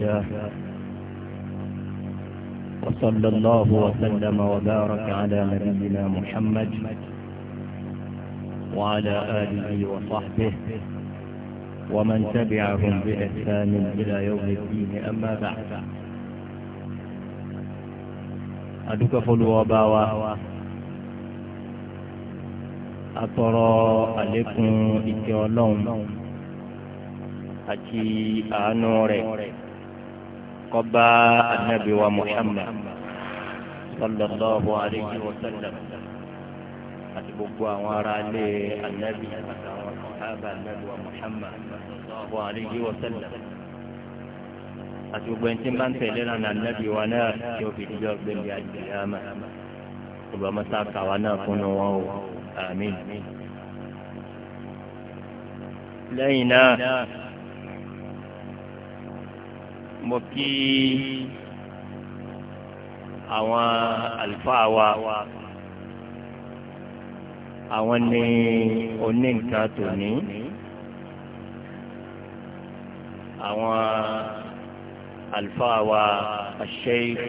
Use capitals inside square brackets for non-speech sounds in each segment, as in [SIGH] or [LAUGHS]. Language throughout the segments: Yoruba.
الله وصلى الله وسلم وبارك على نبينا محمد وعلى آله وصحبه ومن تبعهم بإحسان إلى يوم الدين أما بعد أدوك فلو وباوا أترى عليكم إتي àti àánú rẹ̀ kọba anabi wa muhammad sallallahu alayhi wa sallam àti gbogbo àwọn ará ilé anabi àtàwọn sọ̀hábà anabi wa muhammad sallallahu alayhi wa sallam àti gbogbo ẹni tí ń bá ń tẹ̀lé lánà anabi wa náà tí ó fi dijọ́ gbẹ̀lẹ̀ àdìyàmà gbogbo ọmọ sáà kàwa náà kúnnú wọn o àmín. lẹ́yìn náà mo kí àwọn àlùfáà wa àwọn ní oní nǹkan tòní àwọn àlùfáà wa Sheikh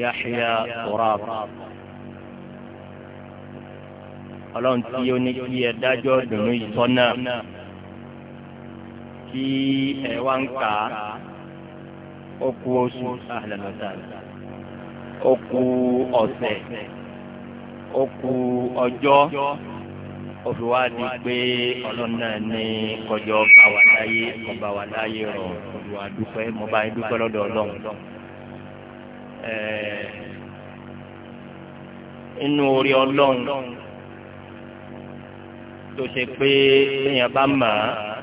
Yahya Wurab ọlọ́run tí ó ní kí ẹ dájọ́ dùnú ìtọ́nà tí ẹ wá ń kà á ó kù oṣù àlàlọ́tà ó kù ọ̀sẹ̀ ó kù ọjọ́ ó fi wá di pé ọlọ́run náà ní kọjọ́ bá wà láyé mo bá wà láyé rọ̀ olùwà dúpẹ́ mo bá yín dúpẹ́ lọ́dọ̀ ọlọ́run. inú orí ọlọ́run tó ṣe pé èèyàn bá mọ̀ á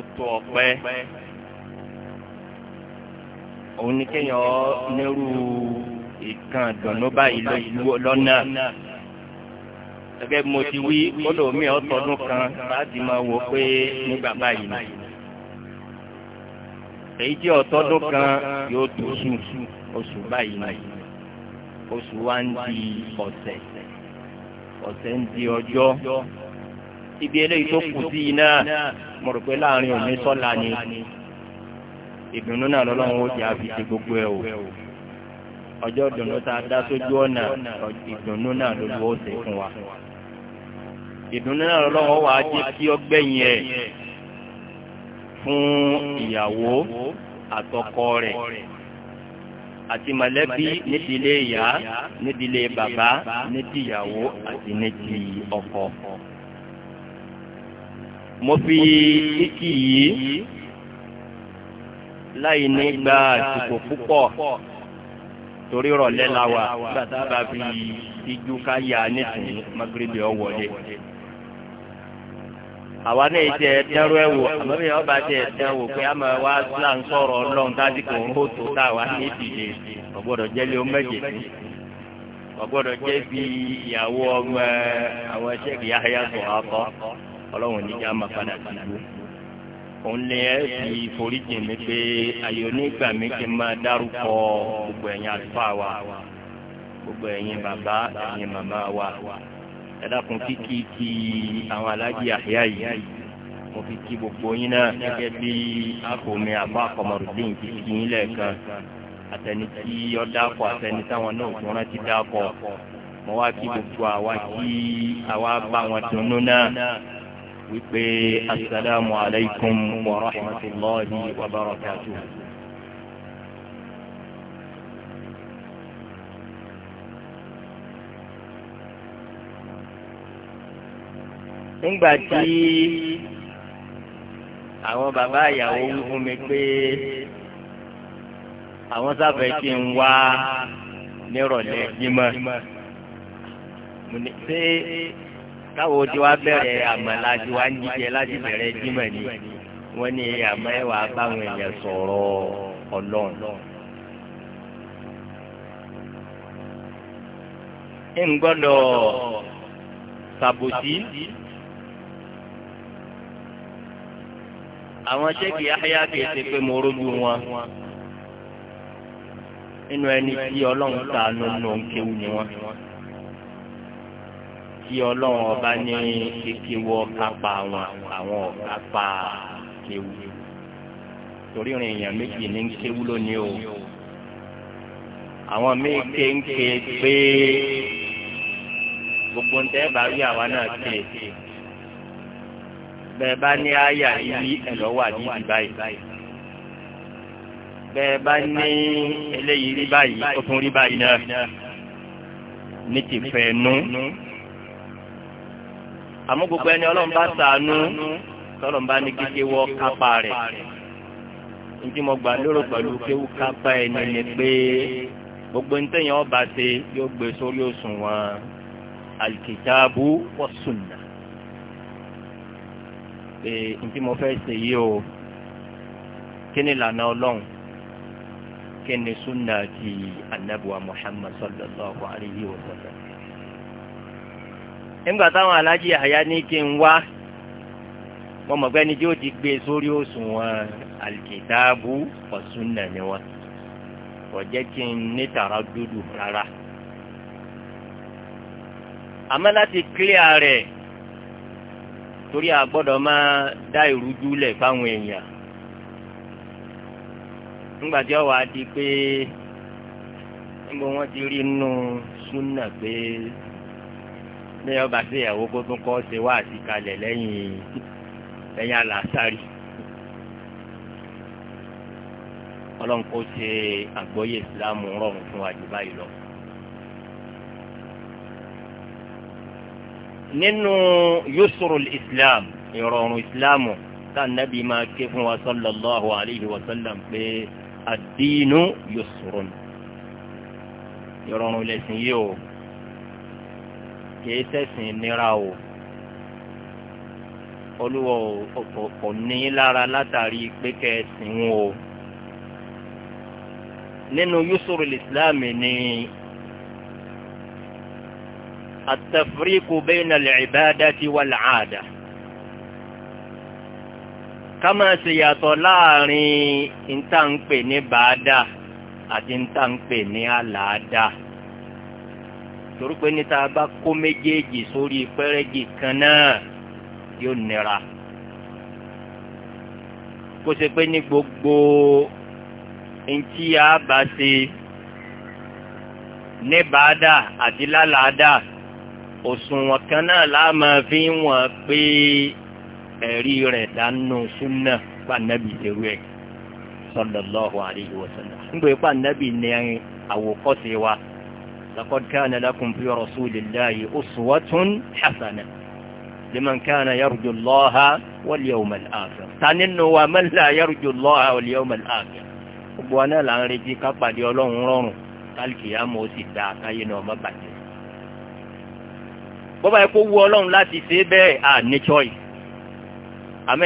ó tó ọpẹ́ òun ni kéèyàn nírú ìkan dùnú báyìí lọ́nà gẹ́gẹ́ bí mo ti wí kódò mi ọ̀tọ̀dún kan láti máa wò pé nígbà báyìí èyí tí ọ̀tọ̀dún kan yóò tó sùn oṣù báyìí ni oṣù wa ń di ọ̀sẹ̀ ọ̀sẹ̀ ń di ọjọ́ ibi eléyìí tó kù sí iná mo rò pé láàrin òní sọ́la ni ìdùnnú náà lọ́lọ́run ó jẹ́ àfihàn gbogbo ẹ̀ o ọjọ́ ìdùnnú tá a dá sójú ọ̀nà ìdùnnú náà ló lọ́wọ́ ṣe fún wa ìdùnnú náà lọ́wọ́ wa jẹ́ kí ọ gbẹ̀yìn ẹ̀ fún ìyàwó àtọkọ rẹ̀ àti mọ̀lẹ́bí nídìílé ìyá nídìílé bàbá nídìíyàwó àti nídìí ọkọ. mo fi kíkì yìí láì ní gba àsìkò púpọ̀ torí rọ̀lẹ́ la wà nígbà bá fi ijú ká yà magrebi ọ̀wọ́lé. àwa náà ti ẹ̀ dẹ́rù ẹ̀ wò àmọ́ bí ọba ti wa sílà ń sọ̀rọ̀ ọlọ́run kò ń hó tó tá a wà ní ìdílé ọ̀gbọ́dọ̀ jẹ́lé mẹ́jẹ̀ ọ̀gbọ́dọ̀ jẹ́ ọlọ́run níjà máa padà dìbò òun lè ẹ́ fi foríjì mi pé ayò nígbà mi kí n máa dárúkọ gbogbo ẹ̀yin àlùfáà wa gbogbo ẹ̀yin bàbá ẹ̀yin màmá wa ẹ dákun kíkí ti àwọn alájí àyà yìí mo fi kí gbogbo yín náà gẹ́gẹ́ bí akọ̀mi àbá àkọmọ̀rọ̀dín ti kí yín lẹ́ẹ̀kan àtẹni tí ọ dákọ̀ àtẹni táwọn náà tó rántí dákọ̀ mo wá kí gbogbo àwa kí àwa bá wọn dunnú náà wípé asalaamu alaykum wa rahmatulahi wa barakatu. nígbà tí àwọn bàbá ìyàwó wí fún mi pé àwọn sáfẹ́ kí n wá nírọ̀lẹ́ jímọ̀ ṣé káwo tí wàá bẹ̀rẹ̀ àmàlà tí wàá ń jíjẹ láti bẹ̀rẹ̀ jímọ̀ ni wọ́n ní àmọ́ ẹ̀ wàá báwọn èèyàn sọ̀rọ̀ ọlọ́run. ń gbọ́dọ̀ sàbòsí. àwọn sẹ́kì áyá kìí pé mo rójú wọn. nínú ẹni tí ọlọ́run ta nínú òun ni wọ́n tí ọlọ́run ọba ní kíkíwọ́ kápá wọn àwọn kápá kéwu torí rìn èèyàn méjì ní kéwu lónìí o àwọn míì kéńké pé gbogbo ń tẹ́ bá rí àwa náà ké bẹ́ẹ̀ bá ní àyà yí ẹ̀lọ́wà níbi báyìí bẹ́ẹ̀ bá ní eléyìí rí báyìí ó tún rí báyìí náà ní tìfẹ́ nú àmọ́ gbogbo ẹni ọlọ́run bá sànú tọ́lọ́run bá ní kíké wọ́ kápá rẹ̀ ntí mo gbà lérò pẹ̀lú kéwù kápá ẹni ni pé gbogbo ntẹ̀yìn ọba ṣe yóò gbé sórí òṣùwọ̀n alikitaabu wa sunna pé ntí mo fẹ́ ṣe yìí o kí ni lànà ọlọ́run kí ni sunna ti anabuwa muhammad sallallahu alayhi wa sallam nígbà táwọn alájí àyà ní kí n wá mo mọ̀ pé ẹni tí ó ti gbé sórí òṣùwọ̀n alìkìtàbù ọ̀sùnà ni wọn kò jẹ́ kí n ní tàrà dúdú rárá àmọ́ láti kílíà rẹ̀ torí a gbọ́dọ̀ máa dá ìrújú lẹ̀ fáwọn èèyàn nígbàtí ọwọ́ á di pé níbo wọ́n ti rí inú súnà pé ní ọba sí ìyàwó kó tún kọ́ ṣe wá àṣìkalẹ̀ lẹ́yìn lẹ́yìn àlàásárì ọlọ́run kó ṣe àgbọ́yé ìsìlámù rọrùn fún wa jù báyìí lọ. nínú yusru islam ìrọ̀rùn ìsìlámù tá nàbí máa ké fún wa sallallahu alayhi wa sallam pé ad-dinu ìrọ̀rùn lẹ́sìn yìí o kìí ṣẹ̀sìn nira o olúwa kò ní lára látàrí pé kẹsìn wọn o nínú yusuf islam ni atafiriku bẹ́ẹ̀ni alìbáda ti wà láàdá ká máa ṣe yàtọ̀ láàrin ìtànpè ní bàádà àti ìtànpè ní àlàádà torí pé níta bá kó méjèèjì sórí pẹ́rẹ́gì kan náà yóò nira kó ṣe pé ní gbogbo ntí a bá ṣe ní bàdà àti lálàádà òṣùwọ̀n kan náà láàmà fi ń wọ̀n pé ẹ̀rí rẹ̀ dánú súnà pàǹdàbí ṣerú ẹ̀ sallallahu alaihi wasallam. ń gbé pàǹdàbí ní àwòkọ́ṣe wa. لقد كان لكم في رسول الله أسوة حسنة لمن كان يرجو الله واليوم الآخر تنن ومن لا يرجو الله واليوم الآخر وانا لا رجي كبا دي اولون رون قال قيام او سي دا كاي نو ما باجي bọ́bá ẹ̀kọ́ wu ọlọ́run láti ṣe é bẹ́ẹ̀ à ní choice àmọ́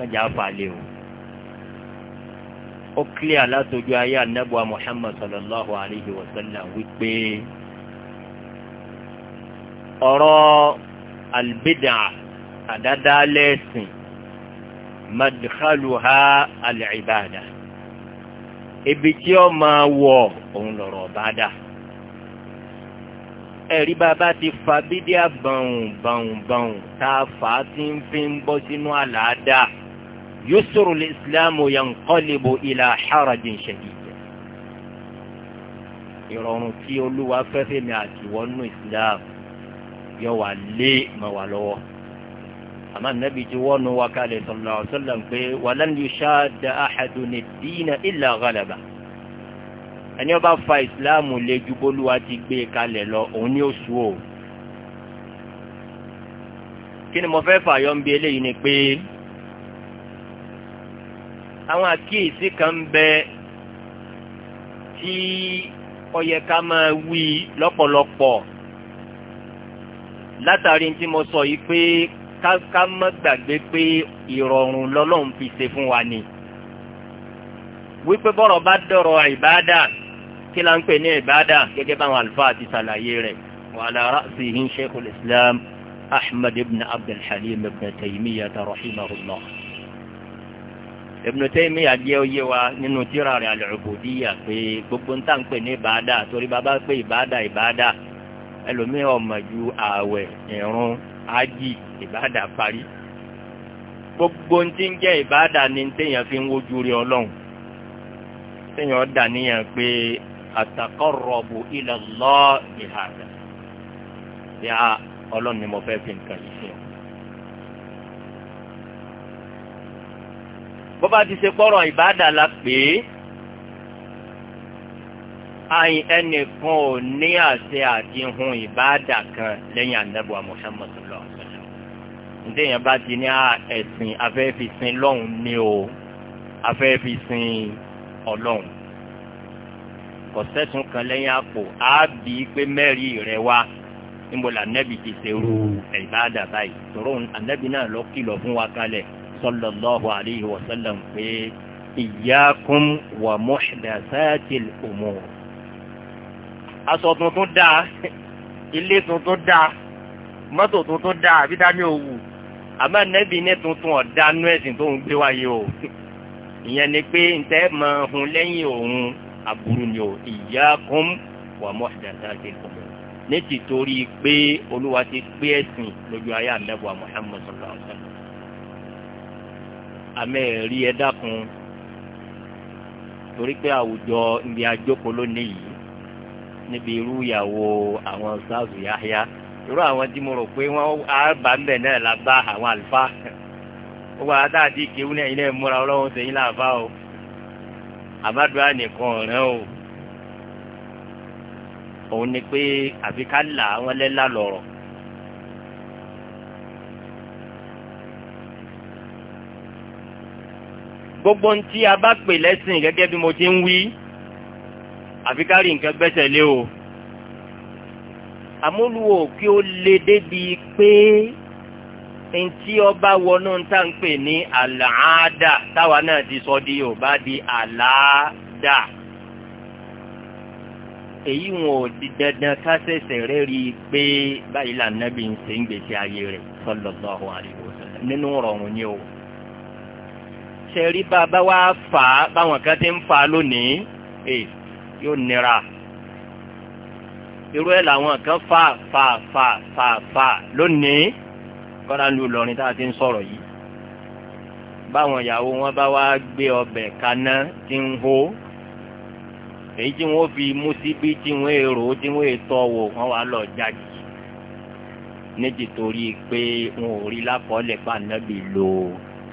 ẹ̀dá ó clear látọjú ayé anábọ́à muhammad sallallahu alayhi wa sallam wípé ọ̀rọ̀ albidà àdádálẹ́sìn madkhaluha alibada ibi tí ó máa wọ̀ òun lọ̀rọ̀ bàdà ẹ̀rí bàbá ti fa bídíà bàùn bàùn bàùn tá a fà á ti ń fi ń bọ́ sínú àlàáda yusuru islamu yanqalibu ila harajin shadida ìrọ̀rùn tí olúwa fẹ́fẹ́ mi àti wọnú islam yóò wà lé mà wà lọ́wọ́ àmọ́ nàbí tí wọ́n nu wa kalẹ̀ sallallahu alaihi wasallam pé walan yushadda ahadun ad-dina illa ghalaba ẹni ó bá fa islam lé ju bólúwa ti gbé kalẹ̀ lọ òun ni ó sùn o kí ni mo fẹ́ fààyọ́ ń bí eléyìí ni pé àwọn àkíyèsí kan ń bẹ tí ó yẹ ká máa wí lọ́pọ̀lọpọ̀ látàrí tí mo sọ yìí pé ká má gbàgbé pé ìrọ̀rùn lọ́lọ́run fi ṣe fún wa ni wípé bọ́rọ̀ bá dọ̀rọ̀ ìbáàdà kí la ń pè ní ìbáàdà gẹ́gẹ́ báwọn àlùfáà ti ṣàlàyé rẹ̀ wa ala ra'sihi sheikhul islam ahmed ibn abdulhalim ibn taymiyah rahimahullah. Ibn Taymiyyah jẹ́ oyé wa nínú tírà rẹ̀ al-Ubudiyyah pé gbogbo ń tàn pè ní ìbáadà torí bàbá pé ìbáadà ìbáadà ẹlòmíì ọmọ ju ààwẹ̀ ìrun ájì ìbáadà parí gbogbo ń ti ń jẹ́ ìbáadà ni téèyàn fi ń wojú rí ọlọ́run téèyàn dà níyàn pé ataqarrabu ila Allah bihada bí ọlọ́run ni mo fẹ́ fi nǹkan yìí fi hàn bó bá ti ṣe pọ́rọ̀ ìbáàdà la pè é àyìn ẹnìkan ò ní àṣẹ àti hun ìbáàdà kan lẹ́yìn ànábùwà Muhammad lọ ǹdẹ́yìn bá ti ní ẹ̀sìn afẹ́fìsìn lọ́hùn ni o afẹ́fìsìn ọlọ́hùn kọ̀sẹ́tún kan lẹ́yìn àpò àbí pé mẹ́rin rẹ̀ wá níbo làǹdẹ́bì ti ṣerú ìbáàdà báyìí tòró àǹdẹ́bì náà lọ kìlọ̀ fún wa kalẹ̀ sallallahu alayhi wa sallam pé ìyákùn wà muhdathatil umur. aṣọ tuntun dáa ilé tuntun dáa mọ́tò tuntun dáa àbí dání òwú àmọ́ nẹ́bí ní tuntun ọ̀dá nú ẹ̀sìn tó ń gbé wáyé o ìyẹn ni pé ń tẹ́ mọ ohun lẹ́yìn òun aburú ni o ìyákùn wà muhdathatil umur ní ti torí pé olúwa ti pé ẹ̀sìn lójú ayé àmẹ́wàá muhammed sallallahu alayhi wa sallam àmẹ́ ẹ̀rí ẹ dákun torí pé àwùjọ ibi àjókòó lónìí yìí níbi irú ìyàwó àwọn ṣáàzù yáyá irú àwọn tí mo rò pé wọ́n á bá ń bẹ̀ náà la bá àwọn àlùfáà ó wà dáàdì kéwú náà ilé múra ọlọ́run sẹ́yìn láàfá o àbádùá nìkan ọ̀rẹ́ o òun ni pé àfi ká là wọ́n lẹ́la lọ̀rọ̀. gbogbo ń tí a bá pè lẹ́sìn gẹ́gẹ́ bí mo ti ń wí àfi ká rí nǹkan gbẹ́sẹ̀ lé o àmúlùwò kí ó le débi pé ntí ọba wọnú ta ń pè ní àlàáda táwa náà ti sọ di yorùbá di àlàáda èyí wọn ò di dandan ká ṣẹ̀ṣẹ̀ rẹ̀ rí i pé báyìí lànà bí n ṣe ń gbèsè ayé rẹ̀ sallallahu alaihi wasallam nínú rọrùn ni o ṣẹ̀rí bàbá wa fà á báwọn kan ti ń fà á lónìí ẹ̀ eh, yóò nira irú ẹ̀ làwọn kan fà fà fà fà fà lónìí kọ́ra ń lu Ìlọrin tá a ti ń sọ̀rọ̀ yìí báwọn ìyàwó wọn bá wá gbé ọbẹ̀ kaná tí ń hó èyí tí wọ́n fi mú síbí tí wọ́n èrò tí wọ́n ètò wò wọ́n wá lọ jáde nítorí pé wọn ò rí lákọọ́lẹ̀ pàǹdàbí lò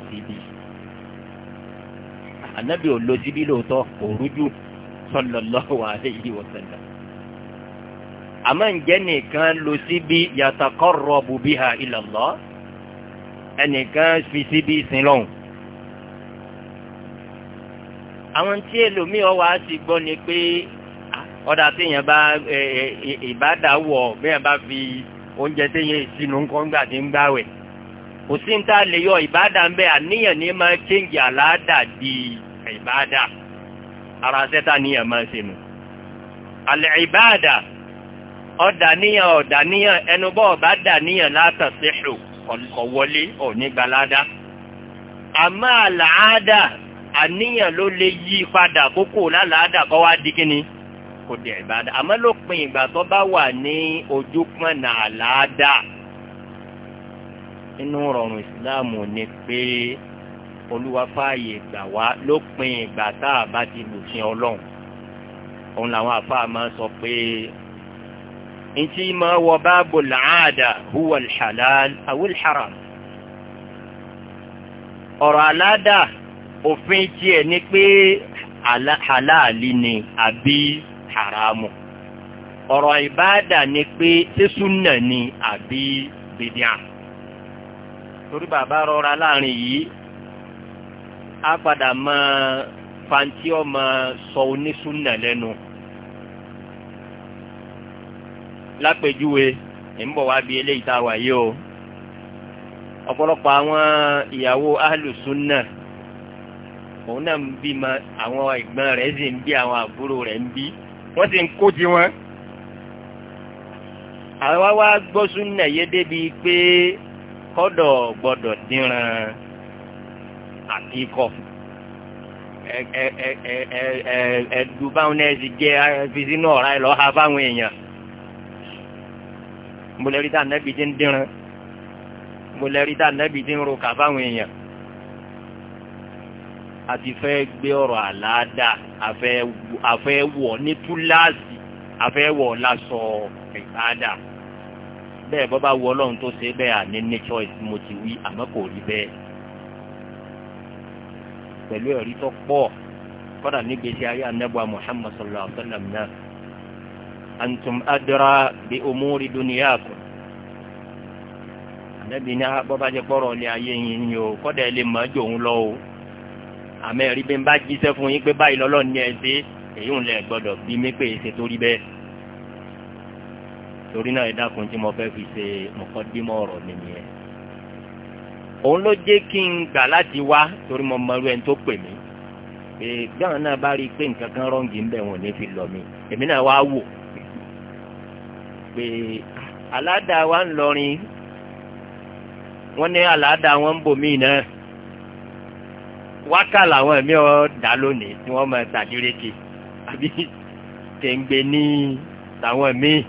síbí anabi ò lo síbí lóòótọ́ kò rújú sọlọlọ́hu aleyhi wa sẹlẹ̀. àmọ́ ǹjẹ́ nìkan lo síbí yàtọ̀kọ́ rọ̀bù bí ha ìlọ̀lọ́ ẹnìkan fi síbí sin lọ́hùn. àwọn tí èlòmíì ọwọ́ á sì gbọ́ ni pé ọ̀dà téèyàn bá ìbádàá wọ̀ bẹ́ẹ̀ bá fi oúnjẹ téèyàn sínú ńkọ́ ńgbà tí ń gbáwẹ̀ kò sí ní ta lè yọ ìbáàdà ń bẹ àníyàn ní máa chéǹgì àláàdà di ìbáàdà ara sẹ́ta níyàn máa ṣe nù. àlẹ́ ìbáàdà ọ̀dà níyàn ọ̀dà níyàn ẹnubọ́ ọ̀bá dà níyàn látà síṣù ọ̀wọ́lé ònígbàládá. àmọ́ àlàáda àníyàn ló lè yí padà kókó lálàáda kọ́ wá di kíni kò dẹ̀ ìbáàdà àmọ́ lópin ìgbà tó bá wà ní ojúpọ̀nà àlàáda inú rọrùn ìsìláàmù ni pé olúwa fààyè gbà wá lópin ìgbà tá a bá ti lùfin ọlọ́run òun làwọn àfáà máa sọ pé ntí máa wọ báàbò làádà huwa alhalal awul haram ọ̀rọ̀ aládà òfin tiẹ̀ ni pé halali ni àbí haramu ọ̀rọ̀ ìbáàdà ni pé sísúnà ni àbí bìdíà torí bàbá rọra láàrin yìí á padà mọ fanti ọmọ sọ onísúnà lẹ́nu lápèjúwe ìmúbọ̀ wá bí eléyìí tá a wà yìí o ọ̀pọ̀lọpọ̀ àwọn ìyàwó ahlùsúnà òun náà ń bí ma àwọn ìgbọ́n rẹ̀ sì ń bí àwọn àbúrò rẹ̀ ń bí wọ́n sì ń kó ti wọn. àwa wá gbọ́ súnà yé débi pé kọ́dọ̀ gbọ́dọ̀ dínran atikọ ẹ̀ẹ́dù báwọn ẹ̀sì jẹ́ ẹ̀fìsí náà ra ẹ̀lọ́ ha fáwọn èèyàn mọ̀lẹ́rí nẹ́bí ti ń dínran mọ̀lẹ́rí nẹ́bí ti ń ro kà fáwọn èèyàn àti fẹ́ gbé ọ̀rọ̀ ní túláàsì bẹ́ẹ̀ bọ́ bá wọ ọlọ́run tó ṣe bẹ́ẹ̀ àní ní choice mo ti wí àmọ́ kò rí bẹ́ẹ̀ pẹ̀lú ẹ̀rí tó pọ̀ kọ́dà nígbèsí ayé anábọ̀ muhammad sallallahu alaihi wa sallam náà antum adra bi umuri duniyakum anabi ní ah, bọ́bá jẹ́ pọ́rọ̀ ilé ayé yín ni o kọ́dà ẹ lè mọ̀ ẹ́ jòun lọ o àmọ́ ẹ̀rí bí n bá jíṣẹ́ fún yín pé báyìí lọ́lọ́ ní ẹ ṣe èyí ń lẹ̀ gbọ́dọ̀ bí mi pé èsè torí bẹ́ẹ̀ torí náà ìdákun tí mo fẹ́ fi ṣe mọ̀kọ́dímọ̀ ọ̀rọ̀ mi nìyẹn. òun ló jẹ́ kí n gbà láti wá torí mo mọ̀rú ẹni tó pè mí pé gbọ́n náà bá rí i pé nǹkan kan rọ́ǹgì ń bẹ̀ wọ́n ní fi lọ mi èmi náà wá wò pé ah, aládàá wa ń lọrin wọ́n ní aládàá wọn ń bòmí náà wákà làwọn ẹ̀mí ọ̀ dá lónìí tí wọ́n máa tàdíreke àbí tẹ̀ǹgbẹ́ ní tàwọn míì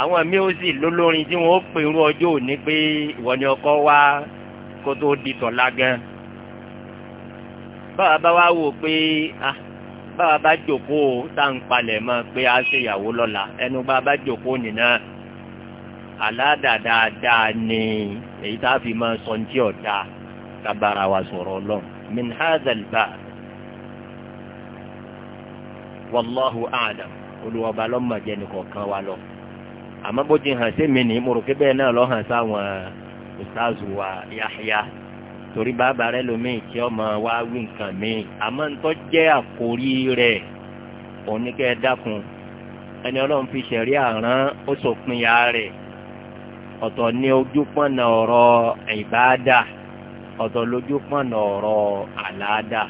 àwọn mi ò sì lólórin tí wọn ó pè irú ọjọ́ òní pé ìwọ ni ọkọ wá kó tó di tọ̀la gan báwa bá wá wò pé báwa bá jòkóo tá à ń palẹ̀ mọ́ pé a ṣe ìyàwó lọ́la ẹnu bá bá jòkóo nìna aládàádáadáa ni èyí tá a fi máa sọ ní tí ọ̀dà tabara wa sọ̀rọ̀ lọ min hazal ba wàlláhu aadam olùwàbà lọ́mọdé nìkan kan wa lọ àmọ́ bó ti hàn sí mi ní mo rò pé bẹ́ẹ̀ náà lọ́ sáwọn ìsáàzù wa yáyá torí bàbá rẹ lómìn tí ọmọ wa wí nǹkan mi àmọ́ ń tọ́ jẹ́ àkórí rẹ̀ òní dákun ẹni ọlọ́run fi ṣẹ̀rí àrán ó sòpin ya rẹ̀ ọ̀tọ̀ ní ojúpọ̀nà ọ̀rọ̀ ìbáadà ọ̀tọ̀ lójúpọ̀nà ọ̀rọ̀ àlàádà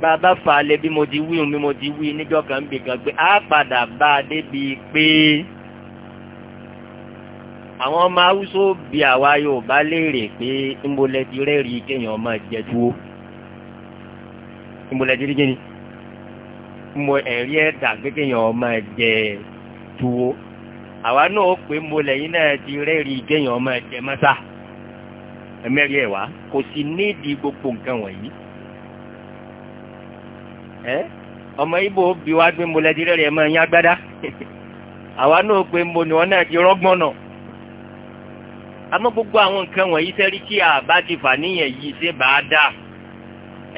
bàbá falẹ̀ bí mo ti wí bí mo ti wí níjọ́ kan bì kan pé á padà bá a débi pé. Pe àwọn ọmọ haúsó bí àwa yorùbá léèrè pé ńbọlẹ́dì rẹ̀ rí kéèyàn ọmọ jẹ dúró ńbọlẹ́dì rí kíni mo ẹ̀rí ẹ̀dà pé kéèyàn ọmọ jẹ dúró àwa náà pé ńbọlẹ́yìn náà ti rẹ̀ rí kéèyàn ọmọ jẹ mọ́tà ẹ̀mẹ́rì ẹ̀ wá kò sí nídìí gbogbo nǹkan wọ̀nyí ẹ ọmọ ibo bí wàá gbé ńbọlẹ́dì rẹ̀ rí ẹ̀ máa yín agbádá [LAUGHS] àwa náà pé ńbọ ni wọn náà ti rọ́gbọ́n náà àmọ́ gbogbo àwọn nǹkan wọ̀nyí sẹ́rí tí a bá ti fà níyẹn yìí ṣe bá a dà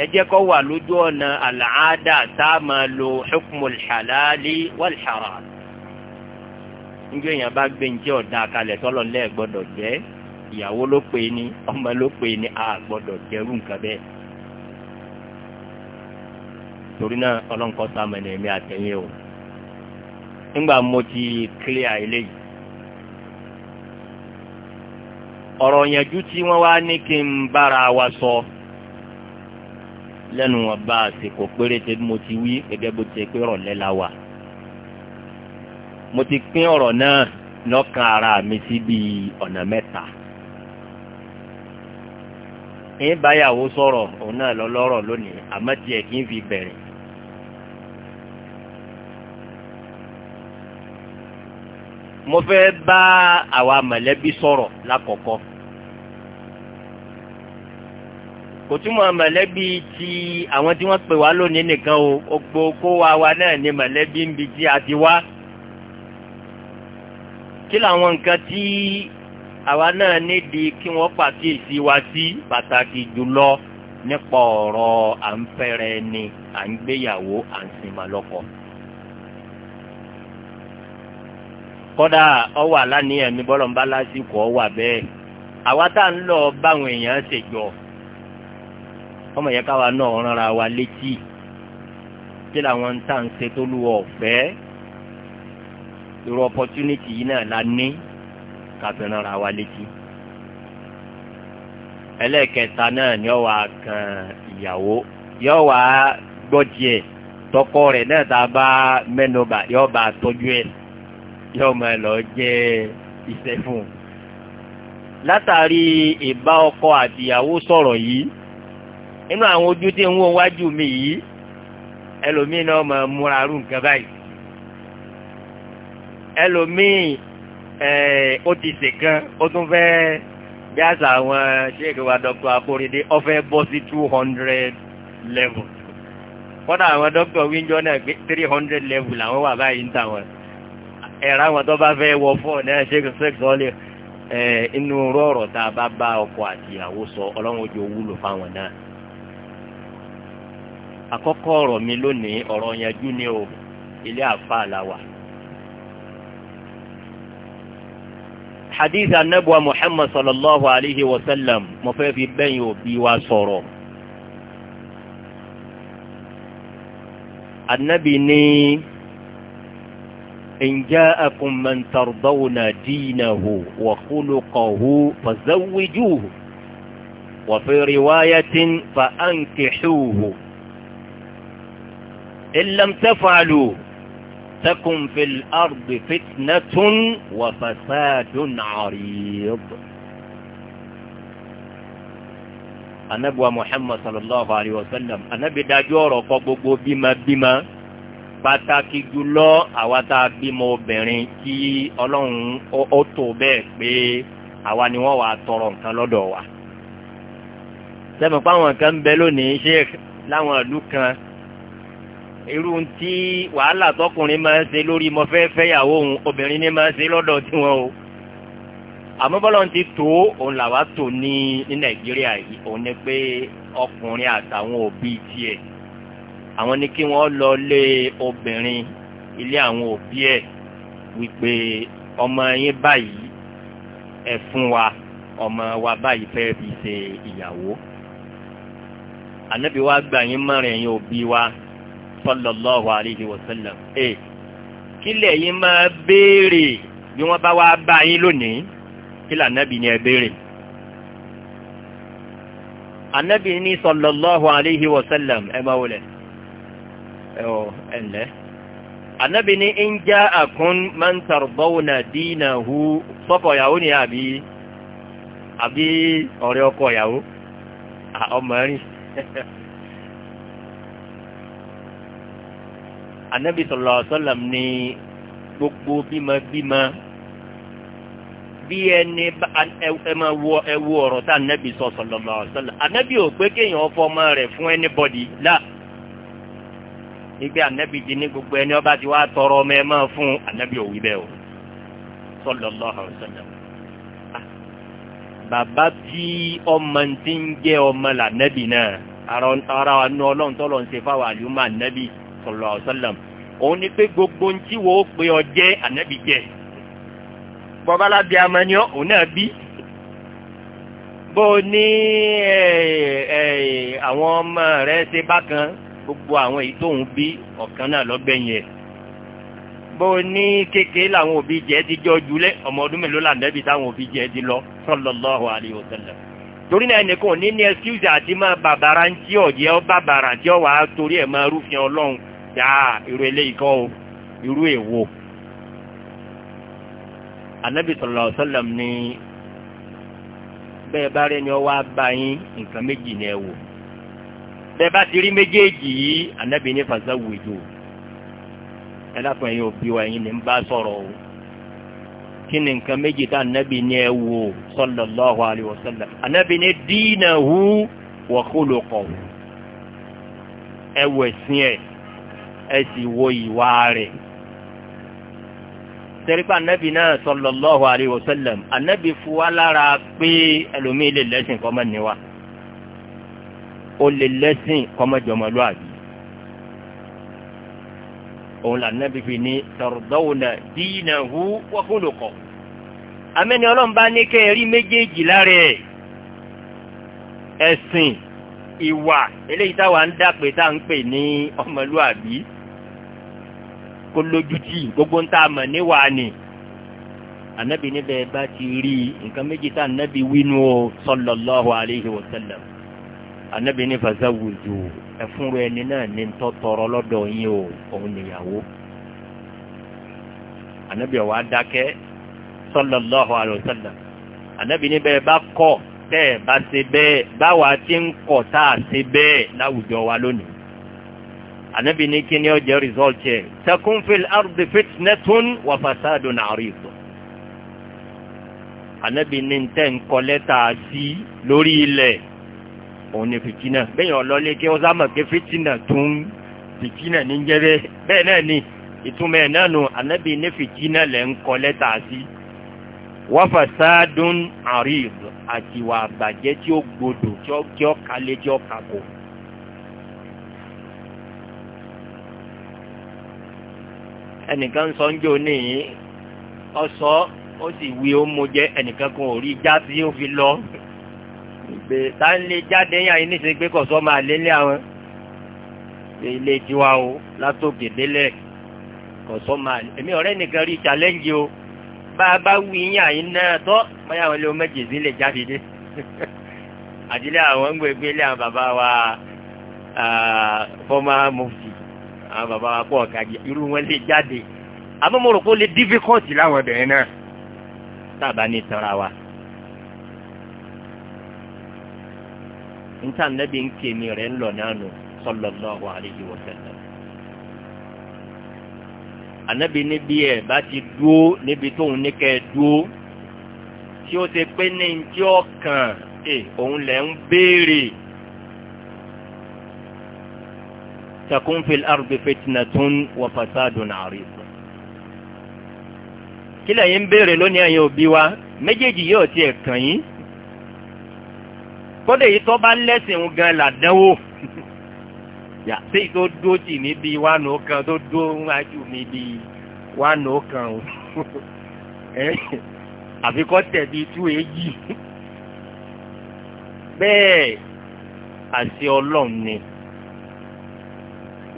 ẹ jẹ́ kó wà lójú ọ̀nà àlàáda tá a máa lo hukmul halali wal haram níjọ́ èèyàn bá gbé njẹ́ ọ̀dà kalẹ̀ tọ́lọ̀ lẹ́ẹ̀ gbọ́dọ̀ jẹ́ ìyàwó ló pè ní ọmọ ló pè ní a gbọ́dọ̀ jẹ́rú nǹkan bẹ́ẹ̀ torí náà ọlọ́nkọ́ sàmẹ̀lẹ̀ mi àtẹ̀yẹ o nígbà mo ti clear eléyìí. ọ̀rọ̀ yànjú tí wọ́n wá ní kí n bára wa sọ lẹ́nu wọn bá àsìkò péréte mo ti wí gẹ́gẹ́ bó ti pé ọ̀rọ̀lẹ́ la wà mo ti pín ọ̀rọ̀ náà lọ́kàn ara mi sí bíi ọ̀nà mẹ́ta ń báyàwó sọ̀rọ̀ òun náà lọ lọ́rọ̀ lónìí àmọ́ tiẹ̀ kí n fi bẹ̀rẹ̀. mo fẹ́ bá àwa mọ̀lẹ́bí sọ̀rọ̀ lákọ̀ọ́kọ́ kò túmọ̀ mọ̀lẹ́bí ti àwọn tí wọ́n pè wá lónìí nìkan o ògbó kó wa wa náà ni mọ̀lẹ́bí ń bi tí a ti wá. kí làwọn nǹkan tí àwa náà nídìí kí wọ́n pàkíyèsí wa sí pàtàkì jùlọ nípa ọ̀rọ̀ à ń fẹ́rẹ̀ ni à ń gbéyàwó à ń sinmi lọ́kọ̀. kódà ọwọ́ àlàníyàn mi bọ́lọ̀ ń bá lásìkò ọwọ́ àbẹ́ẹ̀ àwa tá à ń lọ báwọn èèyàn ṣèjọ́ ọmọ yẹn káwa náà rárá wa létí tí làwọn tá à ń ṣe tó lu ọ̀fẹ́ irú opportunity yìí náà la ní kàfin rárá wa létí ẹlẹ́ẹ̀kẹta náà ni ọwà kan ìyàwó yóò wá gbọ́ tiẹ̀ tọkọ rẹ̀ náà tá a bá mẹ́nuba yóò bá tọ́jú ẹ̀ yóò máa lọ jẹ́ iṣẹ́ látàrí ìbá ọkọ àtìyàwó sọ̀rọ̀ yìí inú àwọn ojú tí ń wo wájú mi yìí ẹlòmíì náà máa múra arú nǹkan báyìí ẹlòmíì eh, ó ti ṣèkan ó tún fẹ́ bí àṣà àwọn ṣéèkì wa dr akorede ó fẹ́ bọ́ sí two hundred level kọ́dà àwọn dókítà wíńjọ́ náà gbé three hundred level làwọn wà báyìí ń tà wọ́n ẹ̀rọ àwọn tó bá fẹ́ wọ fọ́ náà ṣe kí sex ọ́ lè inú rọ̀rọ̀ tá a bá bá ọkọ àti ìyàwó sọ ọlọ́run ojú owúlò fáwọn náà àkọ́kọ́ ọ̀rọ̀ mi lónìí ọ̀rọ̀ yanjú ni o ilé àfa àlàwà. hadith anabuwa muhammad sallallahu alayhi wa sallam mo fẹ́ fi bẹ́yìn òbí wa sọ̀rọ̀. anabi ni ìjà akumantardawna dinahu wa kulukahu fazawijuhu wa fi riwayatin in lam taf'alu takun fil ardi fitnatun wa fasadun 'arid. anabiwa muhammad sallallahu alayhi wa sallam anabi dájú ọ̀rọ̀ kọ gbogbo bímabíma pàtàkì jùlọ àwa tá a bímọ obìnrin tí ọlọ́run ó tó bẹ́ẹ̀ pé àwa ni wọ́n wà á tọrọ nǹkan lọ́dọ̀ wa. sẹ́mi pa àwọn kan bẹ lónìí sheikh láwọn ìlú kan irú tí wàhálà tọkùnrin máa ń ṣe lórí mo fẹ́ fẹ́yàwó òun obìnrin ní máa ń ṣe lọ́dọ̀ tiwọn o àmọ́ bọ́lọ̀ ti tó òun làwa tó ní ní nàìjíríà yìí òun ni pé ọkùnrin àtàwọn òbí tiẹ̀ àwọn ni kí wọ́n lọ lé obìnrin ilé àwọn òbí ẹ̀ wípé ọmọ yín báyìí ẹ fún wa ọmọ wa báyìí fẹ́ fi ṣe ìyàwó ànábì wa gbà yín mọ́rin ẹ̀yin òbí wa sallallahu alayhi wa sallam ẹ̀ kílẹ̀ yìí máa béèrè bí wọ́n bá wá bá yín lónìí kílẹ̀ ànábì ni ẹ béèrè. ànábì ní sallallahu alayhi wa sallam ẹ máa wọlé ẹ ọ ẹ ǹlẹ́ ànábì man tardawna dinahu sọ́kọ̀ ìyàwó ni àbí àbí ọ̀rẹ́ ọkọ ìyàwó ọmọ rí [LAUGHS] anabi sọlọ sọlọm ní gbogbo bímọ bímọ bí ẹni ẹ máa wọ ẹ wo ọ̀rọ̀ tá anabi sọ sọlọmọ sọlọ anabi ò pé kéèyàn fọ ọmọ rẹ̀ fún anybody la ìgbé anabi di ní gbogbo ẹni ọba tí wàá tọrọ ọmọ ẹ máa fún anabi òwì bẹ́ẹ̀ o sọlọlọ sọlọ ah. bàbá tí ọmọ ti ń jẹ ọmọ là nẹbi náà ara ọ̀nà ọlọ́run tọ́lọ̀ ń ṣe fáwọn àlùmọ́ ànẹ́bí sọlọ ọsọlọm òun ni pé gbogbo ń tí wo pé ọjẹ ànábì jẹ bọbálá bí amani òun náà bí bó o ní àwọn ọmọ rẹ ṣe bákan gbogbo àwọn èyí tóun bí ọ̀kan náà lọ́gbẹ̀yìn ẹ̀ bó o ní kékeré làwọn òbí jẹ́ ti jọ jùlẹ̀ ọmọ ọdún mélòó là nẹ́bi táwọn òbí jẹ́ ti lọ sallallahu alaihi wasallam torí náà ẹnìkan ò ní ní ẹsíwìsì àti máa bàbàrà ń tí ọ̀jẹ́ ọ bàbàrà tí ọ wàá torí ẹ̀ máa rúfin ọlọ́run yáà irú eléyìí kọ́ o irú èwo anabi sọlọ sọlọm ni bẹ́ẹ̀ bá rẹ̀ ni ọ wá bá yín nǹkan méjì ni ẹ wò bẹ́ẹ̀ bá ti rí méjèèjì yìí anabi ní fasa wùjọ ẹ dákun ẹ̀yin òbí wa ẹ̀yin ni ń bá sọ̀rọ̀ o kí ni nǹkan méjì tá anabi ní ẹ wò sọlọ lọ́wọ́ àlewọ̀ sọlọ anabi ní dínà hu wọ́kúlù kọ̀ ẹ wọ̀ ẹ̀sìn ẹ̀ ẹ sì wo ìwà rẹ̀ tẹ́rípà anabi náà sallallahu alayhi wa sallam anabi fún wa lára pé ẹlòmíì lè lẹ́sìn kọ́mọ níwá ó lè lẹ́sìn kọ́mọ jọmọlúwàbí òun là nàbí fi ní tọ̀rọ̀dọ́wọ̀nà dínàhú wọ́kúlùkọ̀. àmẹ́ni ọlọ́run bá ní kẹ́ẹ̀rí méjèèjì lára ẹ̀ ẹ̀sìn ìwà eléyìí táwa ń dàpé tá à ń pè ní ọmọlúàbí kó lójú tì gbogbo ń tà mọ̀ níwàá ni anabi níbẹ̀ bá ti rí nǹkan méjì tá anabi wínú o sallallahu alayhi wa sallam anabi ní fazawuju ẹ̀fúnru ẹni náà ní ń tọ́ tọrọ lọ́dọ̀ yín o òun nìyàwó anabi ọ̀wá dákẹ́ sallallahu alayhi wa sallam anabi níbẹ̀ bá kọ̀ tẹ́ bá ṣe bẹ́ẹ̀ báwa ti ń kọ̀ tá a ṣe bẹ́ẹ̀ láwùjọ wa lónìí anabi ní kí ni ó jẹ́ result yẹ takun fil ardi fitnatun wa fasadun arid anabi ní tẹ́ ń kọ́ lẹ́tà sí lórí ilẹ̀ òun ni fitina bẹ́ẹ̀ ọlọ́lé kí ọ̀sán mọ̀ pé fitina tún fitina ní jẹ́ bẹ́ẹ̀ bẹ́ẹ̀ náà ni ìtumọ̀ ẹ̀ náà nù anabi ní fitina lẹ́ ń kọ́ lẹ́tà sí wọ́n fasadun arid àti wà bàjẹ́ tí ó gbodò tí ó kalẹ̀ tí ó kàkó. ẹnìkan sọ ń jò níyì ọsọ ó sì wí ó mo jẹ ẹnìkan kan ò rí já tí ó fi lọ ìgbè tá ń lè jáde yàn yín níṣẹ́ pé kọ̀sọ́ máa lé lé àwọn ilé tiwa o látòkè délẹ̀ kọ̀sọ́ máa èmi ọ̀rẹ́ nìkan rí challenge o bá a bá wí yàn yín náà tọ́ báyà wọn lé o méje sí lè jáde dé [LAUGHS] àdílé àwọn ń gbé gbélé àwọn bàbá wa ah, fọ́mà mufti àwọn bàbá wa pọ̀ kájí irú wọn lè jáde àmọ́ mo rò kó lè dífíkọ́ọ̀tì láwọn obìnrin náà tábà ní ìtara wa. níta nẹ́bí ń ké mi rẹ̀ ń lọ nánu sallallahu alaihi wa sallam. ànábì níbi ẹ̀ bá ti dúó níbi tóun ní dúó tí ó ti pé ní tí ọkàn eh, òun lẹ̀ ń béèrè. takun fil ardi fitnatun wa fasadun arif kílẹ̀ yín béèrè lónìí ẹ̀yin òbí wa méjèèjì yóò tiẹ̀ kàn yín kódé yìí tó bá lẹ́sìn ń gan làdánwò [LAUGHS] yà sí tó dó tì níbi wà nù kan tó dó wájú níbi wà nù kan o [LAUGHS] àfikọ́ tẹ̀bi tú èyí [LAUGHS] bẹ́ẹ̀ àti ọlọ́run ni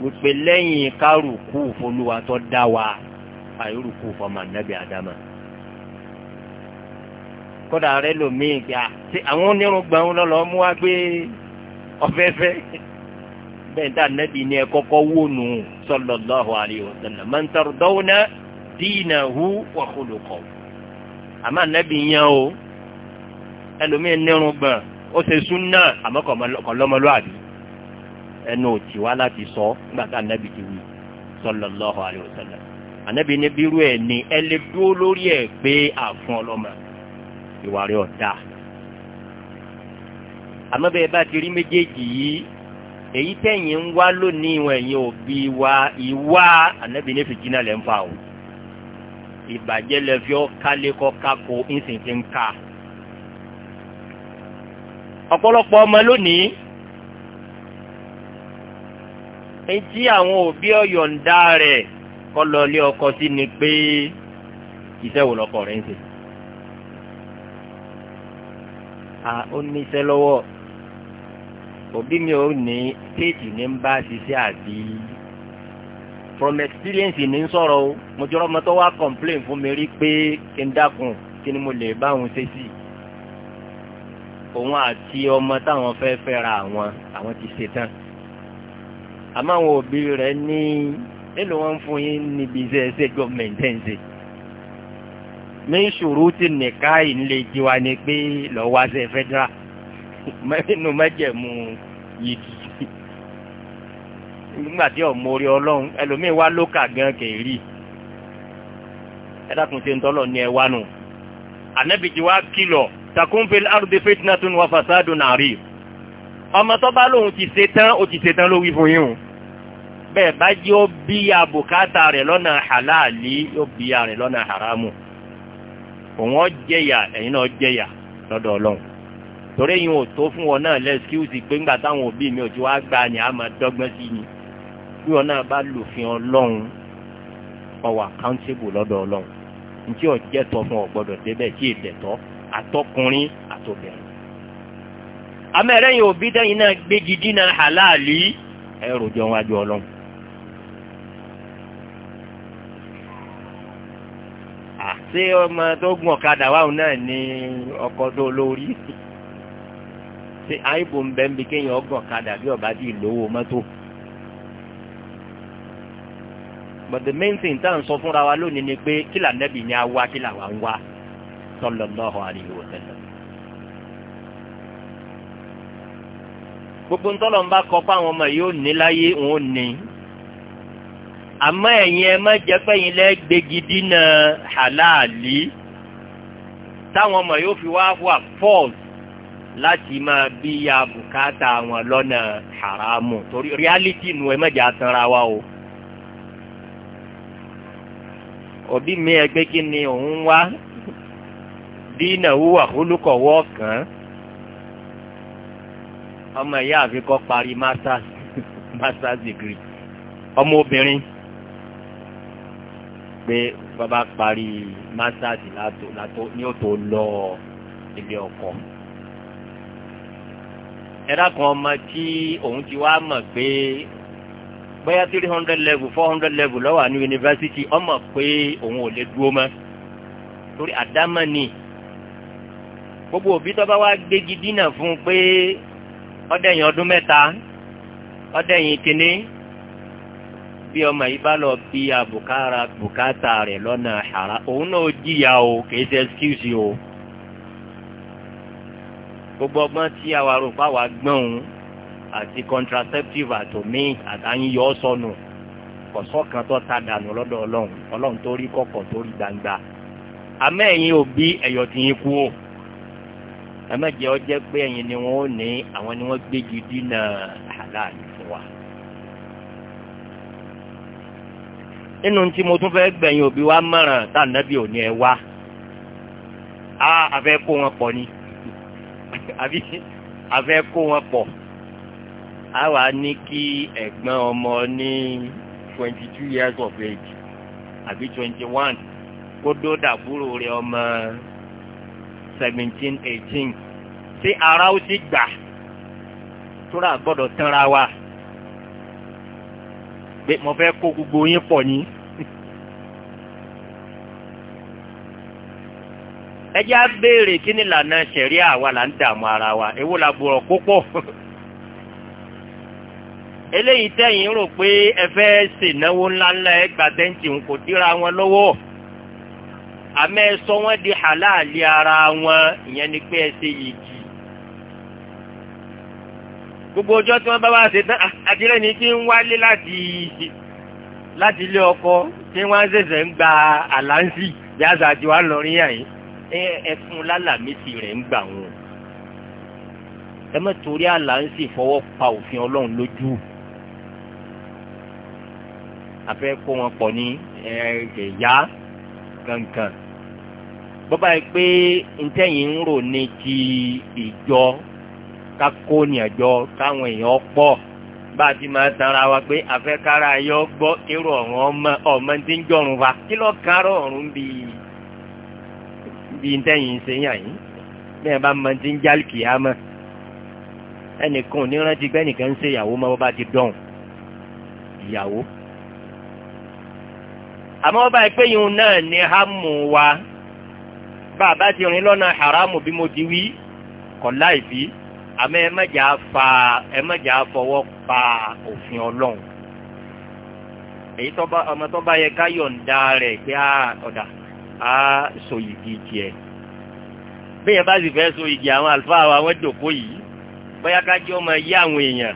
wípé lẹ́yìn kárùkù fọlùwà tó dá wa àìrùkù fọmọ ànábì àdámà kódà rẹ lòmíì gbà tí àwọn onírúgba ń lọ lọ mú wa gbé ọfẹfẹ bẹ́ẹ̀ tá ànábì ni ẹ kọ́kọ́ wò nù sallallahu alaihi wasallam man tardawna dinahu wa khuluqahu àmọ́ ànábì yẹn o ẹlòmíì nírúgba ó ṣe súnà àmọ́ kọlọmọlúwàbí ẹnu òtí wá láti sọ nígbà tá ànábì ti wí sọlọlọhọ àlùsọlọ ànábì ní bírú ẹ ní ẹ lè dúró lórí ẹ pé àfún ọlọmọ ìwà rẹ ọdá àmọ́ bẹ́ẹ̀ bá ti rí méjèèjì yìí èyí tẹ̀yìn ń wá lónìí wọn ẹ̀yìn òbí wa ìwá ànábì ní fìjìnnà lẹ́ ń fa o ìbàjẹ́ lẹ fi ọ́ kálé kọ́ kákó ń ka ọ̀pọ̀lọpọ̀ ọmọ lónìí etí àwọn òbí ọ̀yọ̀ǹda rẹ̀ kọ́ lọ ilé ọkọ sí ni pé iṣẹ́ wo lọkọ rẹ̀ ń ṣe. à ó ní iṣẹ́ lọ́wọ́ òbí mi ò ní téètì ní ń bá ṣiṣẹ́ àbí from experience ní ń sọ̀rọ̀ o mo jọrọ ọmọ tó wá complain fún mi rí pé kí n dákun kí ni mo lè bá òun ṣe sí òun àti ọmọ táwọn fẹ́ fẹ́ ra àwọn àwọn ti ṣe tán àmọ́ àwọn òbí rẹ̀ ní nílò wọn fún yín níbi iṣẹ́ ẹsẹ̀ gọ́ọ̀mẹ̀ntì ń ṣe. mi ṣòro ti nìka ìlẹ̀ tiwa ni pé lọ́wọ́ aṣẹ federal mẹ́rinú mẹ́jẹ̀mú yìí nígbà tí ọmọ orí ọlọ́run ẹlòmíín wá lókà gan kèrí ẹ̀dá kùn ṣe ń tọ́lọ̀ ní ẹwà nù ànẹ́bìjì wa kìlọ̀ takunfil arúgbó fitna tún wà fàṣádùn àríyìn ọmọ tó bá lóun ti ṣe tán ó ti ṣe tán ló fún yín o bá jẹ́ ó bí abùkátà rẹ̀ lọ́nà halali ó bí ya rẹ̀ haramu òun ọ jẹ̀yà ẹ̀yin náà jẹ̀yà lọ́dọ̀ ọlọ́run torí yìí ò tó fún wọn náà lẹ́síkúùsì pé ńgbà táwọn òbí mi ò ti wá gbà ní àmọ́ dọ́gbọ́n sí ni bí wọn náà bá lòfin ọlọ́run ọwọ́ àkáńtébù lọ́dọ̀ ọlọ́run ntí ọ̀jẹ̀tọ̀ fún ọ̀gbọ́dọ̀ débẹ̀ tí èdè tọ́ àtọkùnrin àtobìnrin amẹ́rẹ́yìn òbí dẹ́yìn náà gbégi dínà halali ẹ̀rù jọ wájú ọlọ́run. àti ọmọ tó gun ọ̀kadà wáhùn náà ní ọkọ̀ tó lórí ṣe àìbò ń bẹ́ ń kéèyàn ọgbọ̀n ọ̀kadà bí ọba dì lówó mọ́tò. but the main thing tá à ń sọ fúnra wa lónìí ni pé kílà nẹ́bì ni a wá kílà wà ń wá sallallahu alaihi wa sallam. gbogbo ntọ́lọ̀ ń bá kọ fún àwọn ọmọ yìí ó ní láyé òun ò ní àmọ́ ẹ̀yin ẹ má jẹ́ pẹ́yìn lẹ́gbẹ̀gì dínà hàláàlì táwọn ọmọ yóò fi wá wà fọ́ọ̀sì láti máa bí ya bùkátà wọn lọ́nà haramu torí reality nu ẹ má jẹ́ atanra wa o. òbí mi ẹgbẹ́ kí ni òun wá dínà wúwà hólùkọ̀ wọ́ ọmọ ìyá àfikọ́ parí masters [LAUGHS] masters degree ọmọ obìnrin pé bàbá parí masters látò látò ní òtò lọ ilé ọkọ ẹ̀dá kan ọmọ tí òun ti wá mọ̀ pé bóyá three hundred level four hundred level lọ́wọ́ ní yunifásitì ọmọ pé òun ò lè dúró mọ́ torí àdámọ́ ni gbogbo òbí tó bá wá gbégi dínà fún un pé ọdẹyìn ọdún mẹ́ta ọdẹyìn kínní bí ọmọ yìí bá lọ bí abùkára bùkátà rẹ̀ lọ́nà àrà òun náà jìyà o kìí ṣe excuse o gbogbo ọgbọ́n tí àwa rò pa wá gbọ́n òun àti contraceptive àtòmí àtàyìnyọ sọnù kọ̀sọ́ kan tó ta dànù lọ́dọ̀ ọlọ́run ọlọ́run tó rí kọ̀kọ̀ tó rí gbangba amẹ́yìn òbí ẹ̀yọ̀ tì yín kú o ẹ má jẹ́ ọjẹ́ pé ẹ̀yin ni wọ́n ó ní àwọn ni wọ́n gbégi dínà halal fún wa. nínú tí mo tún fẹ́ gbẹ̀yìn òbí wa mọ̀ràn tá ànábì òní ẹ wá a àfẹ́ kó wọn pọ̀ ni àbí àfẹ́ kó wọn pọ̀ a wà ní kí ẹ̀gbọ́n ọmọ ní twenty two years of age àbí twenty one kó dó dàbúrò rẹ ọmọ seventeen eighteen tí ara ó sì gbà tóra gbọ́dọ̀ tanra wa pé mo fẹ́ kó gbogbo yín pọ̀ ní. ẹ jẹ́ á béèrè kí ni lànà ṣẹ̀ríà wa là ń dààmú ara wa èwo la bùrọ̀ kó pọ̀ [LAUGHS] eléyìí tẹ̀yìn rò pé ẹ fẹ́ ṣènáwó ńláńlá ẹ gba bẹ́ǹtì ń kò díra wọn lọ́wọ́ àmẹ́ sọ wọ́n di halali ara wọn ìyẹn ni pé ẹ ṣe yìí gbogbo ọjọ́ tí wọ́n bá wá ṣe tán ah, àtìrẹ́ ni tí ń wálé láti láti ilé ọkọ tí wọ́n ṣẹ̀ṣẹ̀ ń gba àlàǹsì yáza àti wàá lọ rí àyín ẹfun lálàmísì rẹ̀ ń gbà wọn. ẹ má torí àlàǹsì fọwọ́ pa òfin ọlọ́run lójú. àfẹ́ kó wọn pọ̀ ní ẹ̀yà kankan. bọ́bá yìí pé ntẹ́yìn ń rò ní ti ìjọ ká kó níyànjọ káwọn èèyàn pọ̀ bá a ti máa tanra wa pé afẹ́kára yọ gbọ́ kérò ọ̀run ọmọ ọmọ tí ń jọrùn wa kí lọ́ọ́ kárọ̀ ọ̀run bíi bíi ntẹ́yìn ìsẹ́yìn àyín bẹ́ẹ̀ bá mọ ti ń jálì kìá mọ́ ẹnìkan ò ní rántí ń ṣe ìyàwó mọ́ bá ti dọ̀hùn ìyàwó. àmọ́ bá ẹgbẹ́ yìí náà ní hámù wa bá a bá ti rìn lọ́nà haramu bí mo ti wí kọ̀ láì fi àmọ́ ẹ mẹ́jà fa ẹ mẹ́jà fọwọ́ pa òfin ọlọ́run èyí tọ́ba ọmọ tọ́ba yẹ ká yọ̀ǹda rẹ̀ pé á ah, ọ̀dà á so igi tiẹ̀ bẹ́ẹ̀ yẹn bá sì fẹ́ so igi àwọn àlùfáà wa wọ́n dòkó yìí bóyá ká jẹ́ ọmọ yí àwọn èèyàn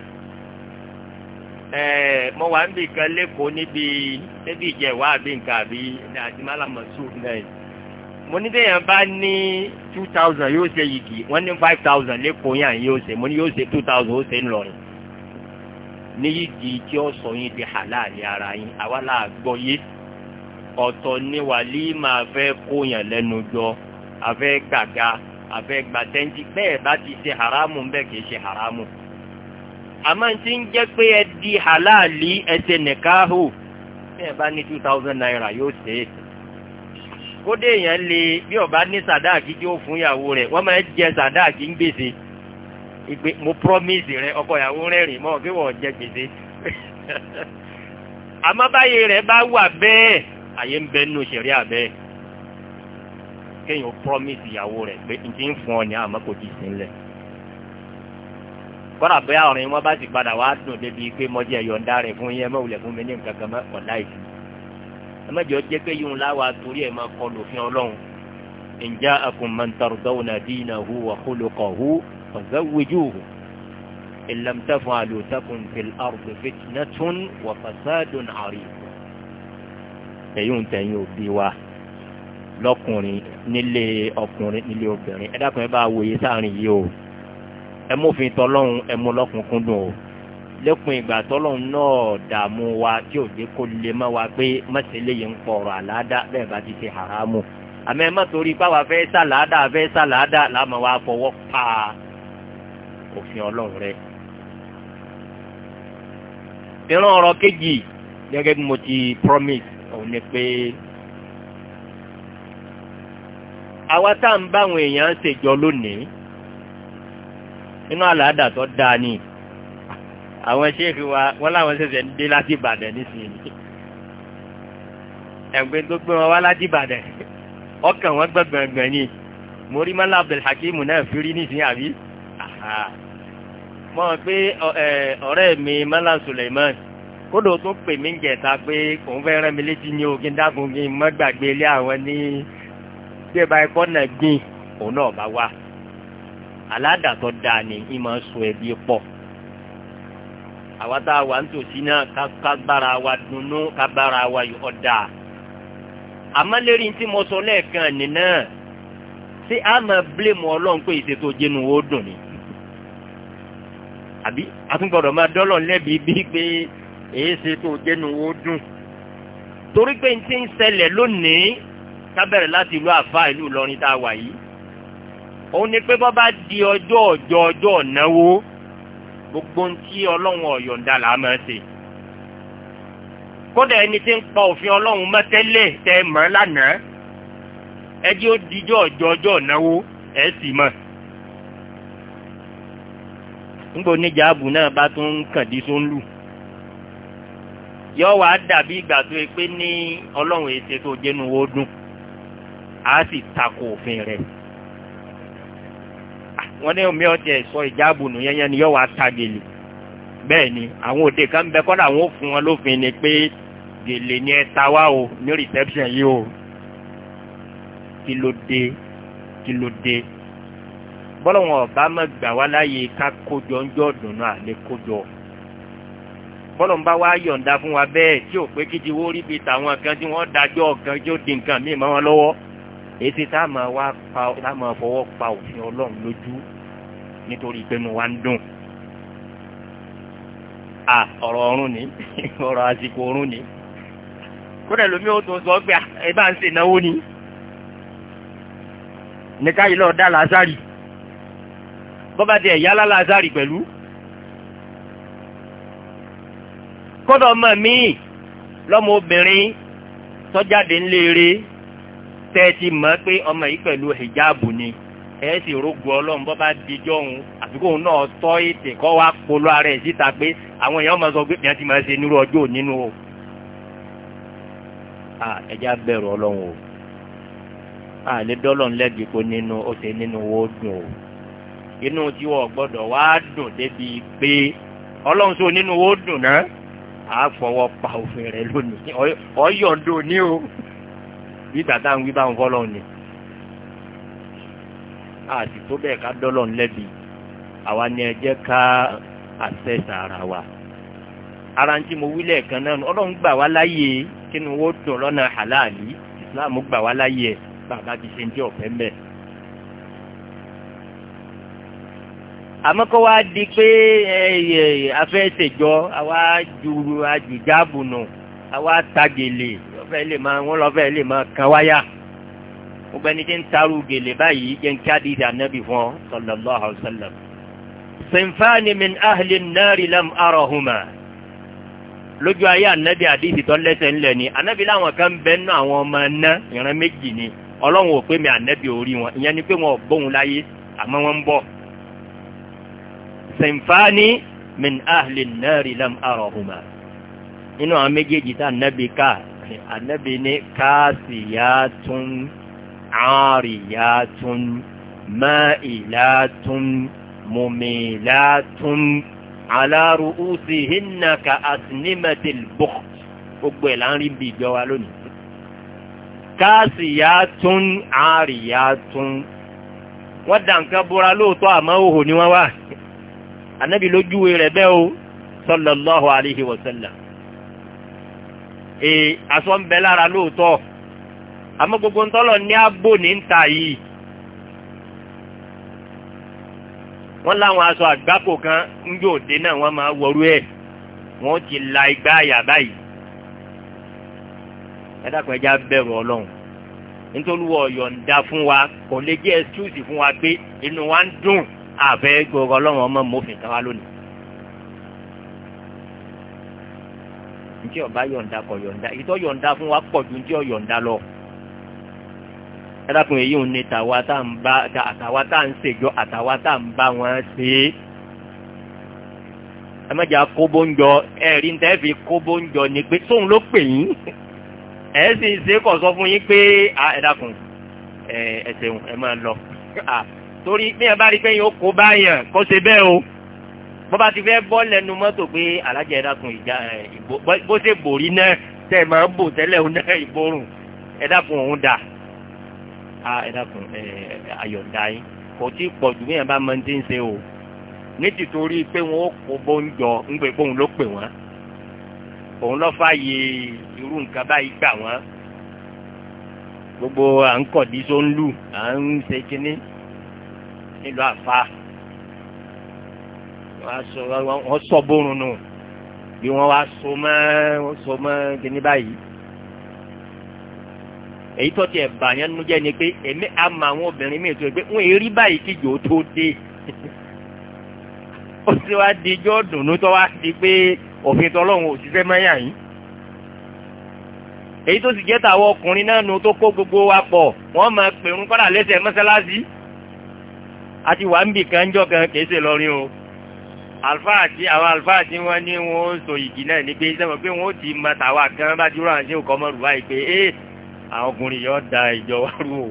ẹ̀ẹ́ mo wà ń bì kan lẹ́kọ̀ọ́ níbi níbi ìjẹ̀wá àbí nǹkan àbí àti málàmọ́sù náà mo ní bẹ́ẹ̀ yẹn bá ní two thousand yóò ṣe yìgì wọ́n ní five thousand lẹ́kọ̀ọ́ yẹn yóò ṣe mo ní yóò ṣe two thousand ó ṣe ń lọ yìí ní yìgì tí ó sọ yín di halali ara yín àwa là gbọ́ yé ọ̀tọ̀ ni wàlí máa fẹ́ kó yàn lẹ́nu jọ àfẹ́ gbàga àfẹ́ gbàtẹ́ńtì bẹ́ẹ̀ bá ti ṣe haramu bẹ́ẹ̀ kì í ṣe haramu àmọ́ tí ń jẹ́ pé ẹ di halali ẹ ṣe nìkáhù bẹ́ẹ̀ bá ní two thousand naira yóò ṣe é kódé èèyàn lè bí ọba ní sàdáàkì tí ó fún ìyàwó rẹ̀ wọ́n máa jẹ sàdáàkì ń gbèsè ìgbé mo promise rẹ ọkọ ìyàwó rẹ́rìn mọ́ kí wọ́n jẹ gbèsè [LAUGHS] àmọ́ báyìí rẹ̀ bá wà bẹ́ẹ̀ àyè ń bẹ nínú ìṣẹ̀rí àbẹ́ kéèyàn promise ìyàwó rẹ̀ pé n ti ń fún ọ ní àmọ́ kò tí ì sílẹ̀ kọ́ra bẹ́ẹ̀ àrùn wọn bá sì padà wá dùn débi pé mọ́jẹ́ yọ̀ǹda rẹ̀ fún yẹn mọ́wulẹ̀ fún mi ní nǹkan kan mọ́ ọ̀la ìsìn ẹmẹjọ jẹ pé yìí ń láwa torí ẹ máa kọlu òfin Ọlọ́run ǹjẹ́ akùnmọ̀ntàrúdọ́wò náà dín iná hu wà kólókọ̀ hu ọ̀gáwéjú hu ìlàmtàfọ̀ àlòtàkùn fìl àrùbẹ̀ fìtìnàtún wà fàṣádùn àrí. ẹ̀yìn tẹ̀yìn òbí wa lọ́kùnrin nílé ọkùnrin nílé obìnrin ẹ̀dá kan ẹ bá wòye sáàrin yìí o ẹ mú òfin tọ́lọ́run ẹ mú o lẹ́kùn ìgbà tọ́lọ̀ náà dààmú wa tí ò dé kó lè má wa pé mọ́sẹ̀lẹ̀ yìí ń pọ̀rọ̀ àládá bẹ́ẹ̀ bá ti ṣe haramu àmọ́ ẹ má torí páwa fẹ́ sàládà fẹ́ sàládà láàmú wa fọwọ́ pa òfin ọlọ́run rẹ. ìran ọ̀rọ̀ kejì gẹ́gẹ́ bí mo ti promise òun ni pé àwa tá à ń báwọn èèyàn ṣèjọ lónìí nínú àládà tó dáa ni. Pe, àwọn ṣéèkì wa wọ́n láwọn ṣẹ̀ṣẹ̀ ń dé láti Ìbàdàn nísìnyí ẹ̀gbẹ́ tó gbé wọn wá láti Ìbàdàn ọkàn wọn gbẹ̀gbẹ̀gbẹ̀ ni mórí mọ́lá Abdulhakeem náà fi rí nísìnyí àbí mọ́ ọ pé ọ̀rẹ́ mi mọ́lá Suleiman kódò tó pè mí jẹ̀ta pé òun fẹ́ rán mi létí ní ogin dákun kí n mọ́ gbàgbé ilé àwọn ní bí ẹ bá ẹkọ́ náà gbìn òun náà bá wà aládàtọ̀ dáa ni ìmọ̀ sọ ẹbí pọ̀ àwa tá a wà nítòsí náà ká bára wa dunnú ká bára wa yọ ọ̀dà àmọ́ lérí tí sọ lẹ́ẹ̀kan nìna ṣé a máa bílẹ̀mù ọlọ́run pé ìṣètò jẹnu ó dùn ni àbí àtúngbọ̀dọ̀ máa dọ́lọ̀ lẹ́bi bíi pé èyí ṣètò jẹnu ó dùn torí pé n ti ń ṣẹlẹ̀ lónìí kábẹ̀rẹ̀ láti ìlú àfa ìlú Ìlọrin tá a wà yìí òun ni pé bọ́ bá di ọjọ́ ọjọ́ ọjọ́ ọ̀náwó gbogbo ntí ọlọ́run ọ̀yọ̀ǹda là á máa ṣe kódà ẹni tí ń pa òfin ọlọ́run mọ́tẹ́lẹ̀ tẹ mọ́ lánàá ẹjẹ́ ó dijọ́ ọjọ́ ọjọ́ náwó ẹ̀ sì mọ́ nígbà oníjàábù náà bá tún ń kàn dí sóńlù yọ wàá dàbí ìgbà tó yẹ pé ní ọlọ́run èsè tó jẹ́nu ó dùn sì takò òfin rẹ̀ wọ́n ní omi ọtí ẹ̀sọ́ ìjáàbùnú yẹn ni yóò wá ta gèlè bẹ́ẹ̀ ni àwọn òde kan bẹ kọ́dà àwọn ò fún wọn lófin ni pé gèlè ni ẹ ta wá o ní reception yìí o kí ló dé kí ló dé bọ́lọ̀wọ̀n ọ̀bá má gbà wá láàyè ká kójọ ńjọ́ dùnú àlẹ́ kójọ bọ́lọ̀n bá wá yọ̀ǹda fún wa bẹ́ẹ̀ tí ò pé kí ti wó rí bi tàwọn kan tí wọ́n dájọ́ kan tí ó di nǹkan míì èsì tá a máa wá pa tá a máa fọwọ́ pa òfin ọlọ́run lójú nítorí pé mo wá ń dùn à ọ̀rọ̀ ọ̀run ni ọ̀rọ̀ àsìkò ọ̀run ni kódà lómi ó tún sọ pé ẹ bá ń ṣe náwó ni nìka yìí lọ́ọ́ dá làásàrì bọ́bá tiẹ̀ yálà làásàrì pẹ̀lú kódà ọmọ mi lọ́mọ obìnrin sọ́jáde ńlẹ́ẹ̀rẹ́ tẹ́ ẹ ti mọ̀ pé ọmọ yìí pẹ̀lú hijabu ni ẹ sì rògbò ọlọ́run bọ́ bá di jọ́hun àfikún òun náà tọ́ ètè kọ́ wá polo ara ẹ̀ síta pé àwọn èèyàn máa sọ pé ìyẹn ti máa ṣe nírú ọjọ́ nínú o. ẹja bẹ̀rù ọlọ́run o àlè dọ́lọ̀ ńlẹ́bi kó nínú ó ṣe nínú owó dùn o inú tí wọ́n gbọ́dọ̀ wá dùn débi pé ọlọ́run sọ nínú owó dùn náà àá fọwọ́ pa òfin rẹ̀ lónìí ọ̀yọ̀ǹdò ní o àbí tàtà ń wí báwọn fọlọ́ ni àti tó bẹ́ẹ̀ ká dọ́lọ̀ lẹ́bi àwa ni ẹ jẹ́ ká àṣẹṣà ara wa ara ń tí mo wí lẹ́ẹ̀kan náà ọlọ́run gbà wá láyè kínú owó dùn lọ́nà àláàlì islam gbà wá láyè ẹ̀ bàbá ti ṣe ń jẹ́ ọ̀fẹ́ mẹ́ẹ̀. àmọ́ kó wá di pé afẹ́ ṣèjọ́ àwa ju àjùjáàbù àwa ta gèlè lọ́fẹ̀ẹ́ lè máa wọ́n lọ́fẹ̀ẹ́ lè máa kan wáyà gbogbo ẹni tí ń taru gèlè báyìí jẹ́ ń kí adìdí ànábì fún ọ sallallahu alayhi wa sallam. sinfani min ahli nari lam arahuma lójú ayé ànábì àdìsí tó lẹ́sẹ̀ ńlẹ̀ ni ànábì láwọn kan bẹ́ẹ̀ nú àwọn ọmọ ẹ̀ná ìran méjì ni ọlọ́run ò pé mi ànábì orí wọn ìyẹn ni pé wọn ò bóun láyé àmọ́ wọn ń bọ̀. sinfani min ahli nari lam arahuma nínú àwọn méjèèjì tá ànábì ká ànábì ní káàsì yá tún àárì yá tún máìlá tún mùmìlá tún aláàrù úsì hínà ka asinimatil bọ́k gbogbo ẹ̀ là bí ìjọ wa lónìí. káàsì yá tún àárì yá tún wọ́n dà nǹkan bóra lóòótọ́ àmọ́ òhò ni wọ́n wà ànábì lójúwe rẹ̀ bẹ́ẹ̀ o sọlọ́láhu alayhi ee aṣọ ń bẹ lára lóòótọ́ àmọ́ gbogbo ń tọ́lọ̀ ní ààbò ní ń ta yìí wọ́n láwọn aṣọ àgbákò kan ń yóò dé náà wọ́n máa wọrú ẹ̀ wọ́n ti la igbá àyà báyìí ẹ dákun ẹja bẹ̀rù ọlọ́run nítorí wọ́n yọ̀ǹda fún wa kò lè jẹ́ ẹ́sítúùsì fún wa pé inú wa ń dùn àfẹ́ gbogbo ọlọ́run ọmọ mọ́fìn kan wá lónìí. ntí ọba yọ̀ǹda kọ̀ yọ̀ǹda ìtọ́ yọ̀ǹda fún wa pọ̀ ju ntí ọ yọ̀ǹda lọ. ẹ̀dàkùn èyí òun ni tàwa tá à ń bá àtàwa tá à ń ṣèjọ àtàwa tá à ń bá wọn ṣe é. ẹ má jà kóbó ń jọ ẹ̀rí ń tẹ́ fi kóbó ń jọ ni pé sóun ló pè yín. ẹ̀ sì ṣe kọ̀ sọ fún yín pé ẹ̀dàkùn ẹ̀ ẹ̀ ṣeun ẹ máa lọ. torí bí ẹ bá rí pé yín ó kó báyàn kó ṣe bẹ́ẹ̀ o bọ́ba ti fẹ́ bọ́ lẹ́nu mọ́tò pé alájà ẹ̀dá kun ìjà ìbò bó ṣe bòrí náà tẹ̀ máa ń bò tẹ́lẹ̀ òun náà ìborùn ẹ̀dá kun òun dà á ẹ̀dá kun ayọ̀dá yín kò tí pọ̀ jù bẹ́ẹ̀ bá máa ń ti ń ṣe o ní tìtorí pé wọn ó kó bó ń jọ ń pè pé ló pè wọ́n òun lọ́ fààyè irú nǹkan báyìí gbà wọ́n gbogbo à ń kọ̀ dísó ń lù à ń ṣe kínní nílùú àfa wọ́n sọ bórun nù bí wọ́n wá so mọ́ wọ́n so mọ́ kíní báyìí èyí tó tiẹ̀ bà yẹn nu jẹ́ ni pé èmi àmọ́ àwọn obìnrin mi tó yẹ pé wọ́n èrí báyìí kí jò tó dé [LAUGHS] ó ti wá di ijó dùnú tó wá di pé òfin tọ́lọ́hún òṣìṣẹ́ mẹ́yà yìí èyí tó sì jẹ́ tàwọn ọkùnrin náà nu tó kó gbogbo wa pọ̀ wọ́n máa pèrún kọ́dà lẹ́sẹ̀ mọ́sálásí àti wàá ń bì kan kan kèé lọ́rin o àlùfáà tí àwọn àlùfáà tí wọ́n ní wọn ó so ìgì náà ní pé sẹ́wọ̀n pé wọ́n ó ti mọ tàwa kan bá dúró àti òkọ́ mọ́rù báyìí pé ee àwọn ọkùnrin yóò da ìjọ wa rú o.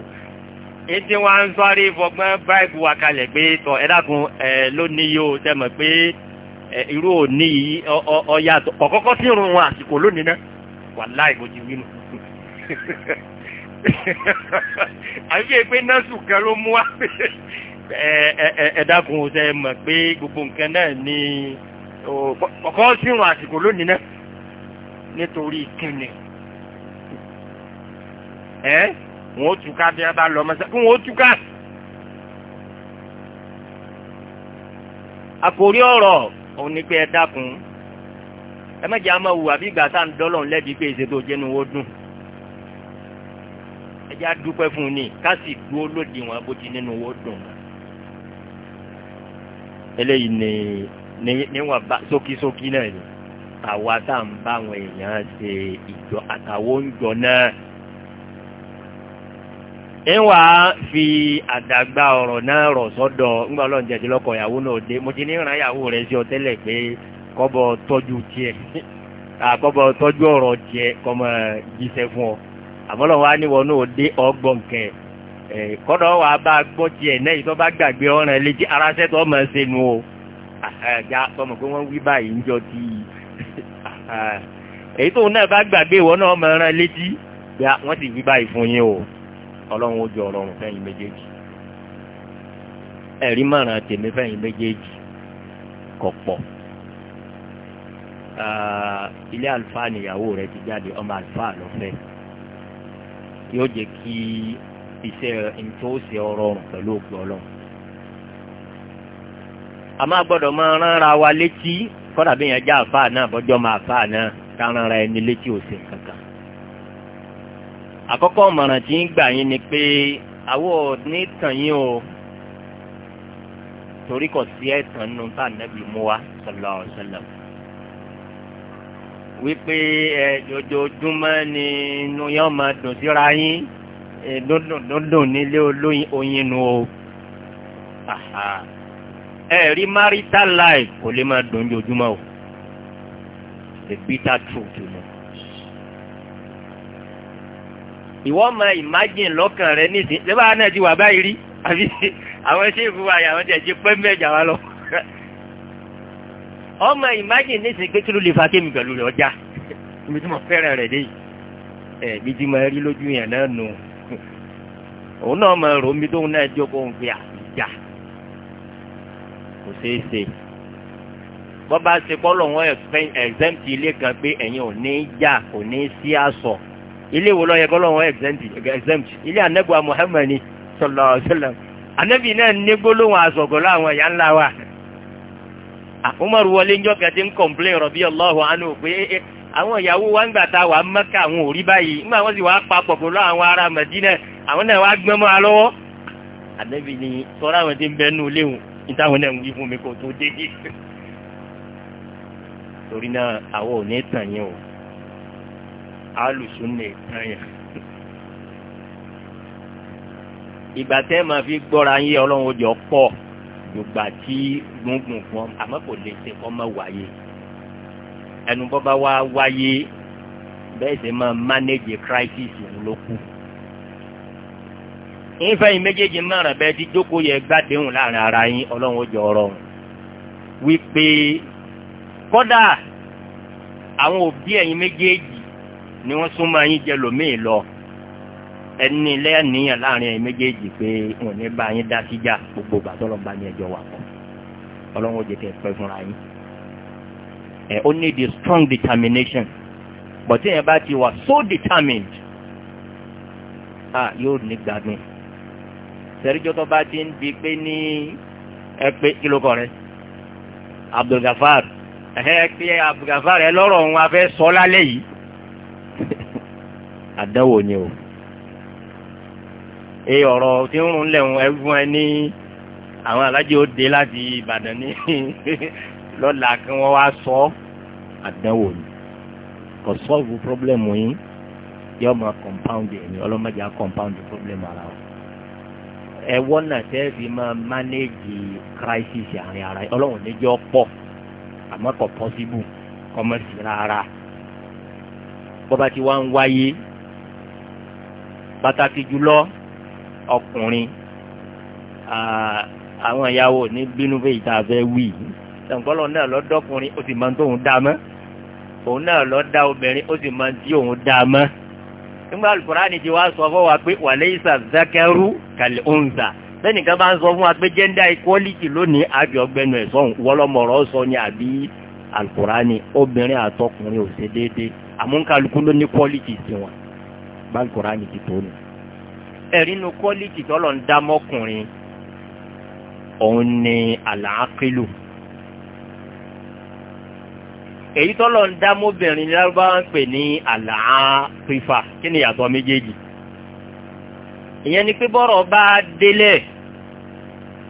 ètí wọn á ń sọ́rí fọgbọ́n bíráìbù wa kalẹ̀ pé tọ ẹ dákun ẹ lónìí yóò sẹ́mọ̀ pé irú òní yìí ọ̀yàtọ̀ kọ̀kọ́kọ́ sí irun wọn àsìkò lónìí náà wàláì bó ti wí nù [LAUGHS] àbí ẹgbẹ́ násù kan ló mú wa [LAUGHS] ẹ dákun ṣe mọ̀ pé gbogbo nǹkan náà ni ọkọ̀ sírun àsìkò lónìí náà nítorí kíni ẹ wọn ó túká bí wọn bá lọ mọ́sá kí wọn ó túká. àkórí ọ̀rọ̀ òun ni pé ẹ dákun ẹ mẹ́jẹ̀ á máa wù àbí ìgbà tá à ń dọ́lọ̀ lẹ́bi pé èsè tó jẹ́nu ó dùn ẹ á dúpẹ́ fún un ká sì dúró lòdì wọn bó ti nínú ó dùn wọn eléyìí ni níwọ̀n bá sókísókí náà ni àwa tá à ń bá àwọn èèyàn ṣe ìjọ àtàwọn oúnjọ náà. ìwà fi àdàgbà ọ̀rọ̀ náà rọ̀ sọ́dọ̀ ńgbà ọlọ́run jẹ̀dí lọ́kọ̀ ìyàwó náà dé mo ti ní ìran ìyàwó rẹ̀ sí ọ tẹ́lẹ̀ pé kọ́bọ̀ tọ́jú tiẹ̀ àkọ́bọ̀ tọ́jú ọ̀rọ̀ tiẹ̀ kọ́mọ jíṣẹ́ fún ọ àmọ́ lọ́wọ́ á níwọ̀n náà dé ọgbọ̀n kẹ́ẹ̀ kọ́dọ̀ wà bá gbọ́ tiẹ̀ náà ìtọ́ bá gbàgbé ọ̀ràn létí ara sẹ́tọ̀ ọmọ ṣe nu o àjà tọmọ pé wọ́n wí báyìí ń jọ ti [LAUGHS] èyí tóun náà bá gbàgbé ìwọ náà ọmọ ọ̀ràn létí bíi wọ́n sì wí báyìí fún yín o ọlọ́run ó jọ ọlọ́run fẹ́yìn méjèèjì ẹ̀rí mọ̀ràn tèmi fẹ́yìn méjèèjì kọ̀ ilé àlùfáà nìyàwó rẹ ti jáde ọmọ àlùfáà lọ yóò jẹ́ kí iṣẹ́ ntòsí ọrọrùn pẹ̀lú òkú ọlọ́run. a máa gbọ́dọ̀ máa ránra wa létí kọ́dà bí yẹn já àfáà náà bọ́jọ́ máa fáà náà ká ránra ẹni létí òsè kankan. àkọ́kọ́ ọ̀mọ̀ràn tí ń gbà yín ni pé àwọ̀ ní tàn yín o torí kò sí ẹ̀tàn nínú tá ànábì mú wa sallallahu alaihi wípé ẹ jojoojúmọ́ ni inú yẹn máa dùn síra yín Eh, lódùnlódùn nílé olóyin nu o ẹ̀rí marital life kò lè máa dùn jojúmọ́ o the bitter truth you know. ìwọ máa imagine lọ́kàn rẹ nísìnyí ṣé báwa náà ti wà báyìí rí àbí àwọn ṣé ìfúnwa yà wọ́n tẹ̀ ṣe pé mẹ́jà wa lọ. ọmọ imagine nísìnyí pé kí ló lè fa kémi pẹ̀lú rẹ̀ ọjà ibi tí mo fẹ́ràn rẹ̀ dé yìí ẹ̀ ibi tí mo rí lójú yẹn náà nù. No òun náà mọ ẹrọ omi tóun náà jókòó ń fi àjà kò ṣeé ṣe bọ́ bá ṣe kọ́ lọ́wọ́ ẹ̀xẹ́mtì ilé kan pé ẹ̀yin ò ní já kò ní sí àṣọ ilé wo lọ́yẹ kọ́ lọ́wọ́ ẹ̀xẹ́mtì ilé anẹ́gbà Muhammad sọlọ sọlọ anẹ́bí náà ní gbólóhùn àṣọ̀gọ́ láwọn ẹ̀yà ńlá wa. Ah, Umar wọlé njọ́ kẹ́tí ń kọ̀m̀plé àwọn ìyàwó wa ń gbà ta wà Mẹ́kà àwọn ò rí báyìí nígbà wọ́n sì wá papọ̀ pẹ̀lú àwọn ará Mẹdínà àwọn náà wá gbọ́n mọ́ alọ́wọ́ àdẹ́bí ni sọ́ra àwọn tí ń bẹ nù léwu nítawọn náà ń wí fún mi kò tó dé dé torí náà àwọn ò ní tàn yín o alùsùn ní tàn yín ìgbà tẹ́ máa fi gbọ́ra yé ọlọ́run ó jọ pọ̀ gbogbo àti gbùngbùn fún ọ àmọ́ kò lè ṣe kọ́ mọ́ wáyé ẹnu bọ́ba wá wáyé bẹ́ẹ̀ sì máa manage crisis òun ló kù. ìfẹ́ yìí méjèèjì márùn bẹ́ẹ̀ ti jókòó yẹ gbàdéhùn láàrin ara yín ọlọ́run ó jọ ọ̀rọ̀ wípé kódà àwọn òbí ẹ̀yin méjèèjì ni wọ́n súnmọ́ yín jẹ lòmíì lọ ẹni lẹ́yìn láàrin ẹ̀yin méjèèjì pé òun ní bá yín dá síjà gbogbo bàtọ́ lọ́ba ní ẹjọ́ wà pọ̀ ọlọ́run ó jẹ pẹ́ fúnra yín ẹ̀ eh, ó need strong determination but tí about you ti so determined ah yóò ní gbàgbé sẹ́ríjọ́ tó bá ti ń di pé ní ẹ pé kí ló kọ rẹ Abdulgafar ẹ pé Abdulgafar ẹ lọ́rọ̀ òun afẹ́ sọ lálẹ́ yìí [LAUGHS] àdánwò ni o ee ọ̀rọ̀ tí ń rún lẹ́hùn ẹ̀fún ẹ ní àwọn alájẹ òde láti Ìbàdàn ní [LAUGHS] lọ́la kí wọ́n wá sọ ọ́ àdánwò ni kò sọ́ọ̀bù pọ́blẹ́mù yín yọ máa kọ̀mpáùndì ẹ̀mí ọlọ́mọdé á kọ̀mpáùndì pọ́blẹ́mù ara wọn. ẹ̀wọ́n náà sẹ́ẹ̀fì máa mánéèjì crisis àárín ara yìí ọlọ́run níjọ́ pọ̀ àmọ́ kò pọ́síbù kọ́mọ́sì rárá. bọ́ba tí wọ́n ń wáyé pàtàkì jùlọ ọkùnrin àwọn ìyàwó ní bínú fèyí tá a fẹ́ wí yìí tẹ̀gbọ́lọ̀ náà lọ dọ́kùnrin ó sì máa ń tó òun dá mọ́ òun náà lọ dá obìnrin ó sì máa ń tí òun dá mọ́ nígbà alukurani ti wá sọ fún wa pé wàlẹ́yìísà zakaru kàlẹ́ òǹzà bẹ́ẹ̀ni kan bá ń sọ fún wa pé gender equality lónìí àbí ọgbẹ́nu ẹ̀sọ́hùn wọlọ́mọ̀rọ̀ sọ ni àbí alukurani obìnrin àtọkùnrin ò ṣe déédéé àmúkálukú ló ní quality tiwọn bá alukurani ti tó ni ẹ̀rínú èyí tọ́lọ̀ ń dá mọ́bìnrin lárúbáwá ń pè ní àlàáfífà kí ni yàtọ̀ méjèèjì ìyẹn ni pé bọ́rọ̀ bá délẹ̀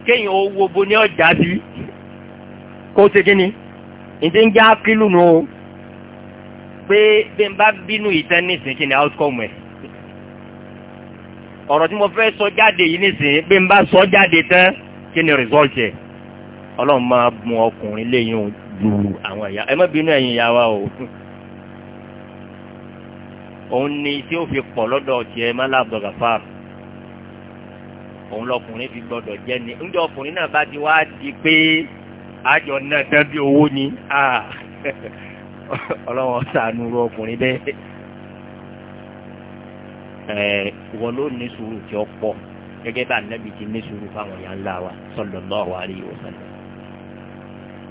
kéèyàn owó bo ní ọjà bí kó ṣe kí ni ìdí ń já kílù nù o pé bí n bá bínú ìtẹ́ nísìn kí ni outcome ẹ̀ ọ̀rọ̀ tí mo fẹ́ sọ jáde yìí nísìn bí n bá sọ jáde tán kí ni result ẹ̀ ọlọ́run máa mú ọkùnrin léyìn òun ju àwọn ẹ̀yà ẹ má bínú ẹ̀yìn ìyá wa o òun ni tí ó fi pọ̀ lọ́dọ̀ tiẹ̀ mọ́lá abdulgafar òun lọkùnrin fi gbọdọ̀ jẹ́ ni ńjọ ọkùnrin náà bá ti wá di pé àjọ náà dábí owó ni ọlọ́wọ́n sànù ru ọkùnrin bẹ́ẹ̀ wọ́n ló ní sùúrù tí ó pọ̀ gẹ́gẹ́ bá nẹ́bi ti ní sùúrù fáwọn ìyá ńlá wa sọ̀lọ́ lọ́wọ́ àríyí wọ́n sọ̀lọ́.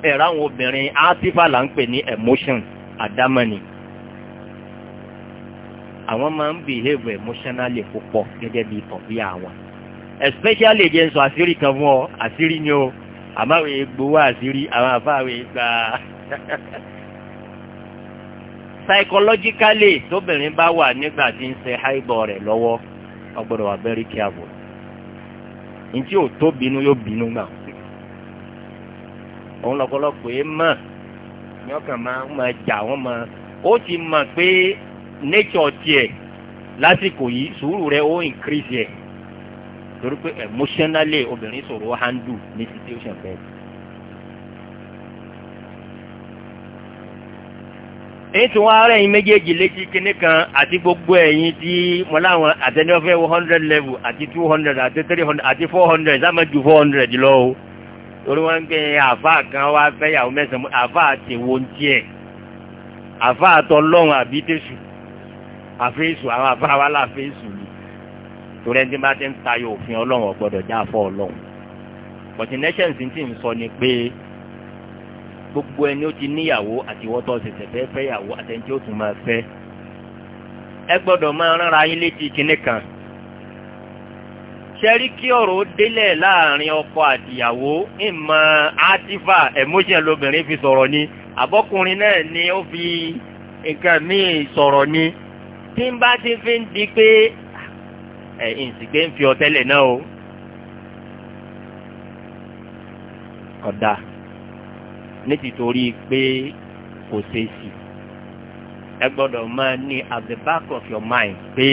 ẹ̀rọ obìnrin átífà là ń pè ní emotion ma àwọn máa ń behave emotionally púpọ̀ gẹ́gẹ́ bí tọ̀bí àwọn especially jẹ́ àṣírí kan fún ọ àṣírí ni o àmáwé gbowó àṣírí àwọn àfáàwé gbà á psychologically tóbìnrin bá wà nígbà tí ń ṣe háìbọ̀ rẹ̀ lọ́wọ́ ọgbọ́dọ̀ wà very òun lọ́pọ̀lọpọ̀ yẹn mọ̀ ní ọkàn máa ń máa jà wọ́n mọ̀ ó ti mọ̀ pé nature tiẹ̀ lásìkò yìí sùúrù rẹ̀ ó increase yẹ torí pé emotionally obìnrin sọ̀rọ̀ handle ní situation bẹ́ẹ̀. ètò wọn ara ẹ̀yin méjèèjì létí kíní kan àti gbogbo ẹ̀yin tí mo láwọn àtẹnudọ́fẹ́ one hundred level àti two hundred àti three hundred àti four hundred sáà máa ju four hundred lọ o torí wọn gbé àfa kan wá fẹ́yàwó mẹ́sàn-án àfa àtẹ̀wò ń tiẹ̀ àfa àtọlọ́run àbí tẹ̀sù àfẹ́sù àwọn àfa wa là fẹ́sù torí ẹni tí bá ti ń tayọ òfin ọlọ́run ọ̀gbọ́dọ̀ já fọ́ ọlọ́run bọ̀tí nẹ́sẹ̀nsì ti ń sọ ni pé gbogbo ẹni ó ti níyàwó àti wọ́tọ̀ ṣẹ̀ṣẹ̀ fẹ́ fẹ́yàwó àtẹ̀ntí ó tún máa fẹ́ ẹ gbọ́dọ̀ máa rán ara yín létí kinní kan ṣẹ́rí kí ọ̀rọ̀ délẹ̀ láàrin ọkọ àtìyàwó ìmọ̀ átífà emotion lobìnrin fi sọ̀rọ̀ ni àbọ́kùnrin náà ni ó fi nǹkan míì sọ̀rọ̀ ni tí ń bá ti fi ń di pé ẹ̀ ìsìnkè ń fi ọ̀tẹ́lẹ̀ náà o. ọ̀dà ní tìtorí pé kò ṣeé sí ẹ gbọ́dọ̀ máa ní at the back of your mind pé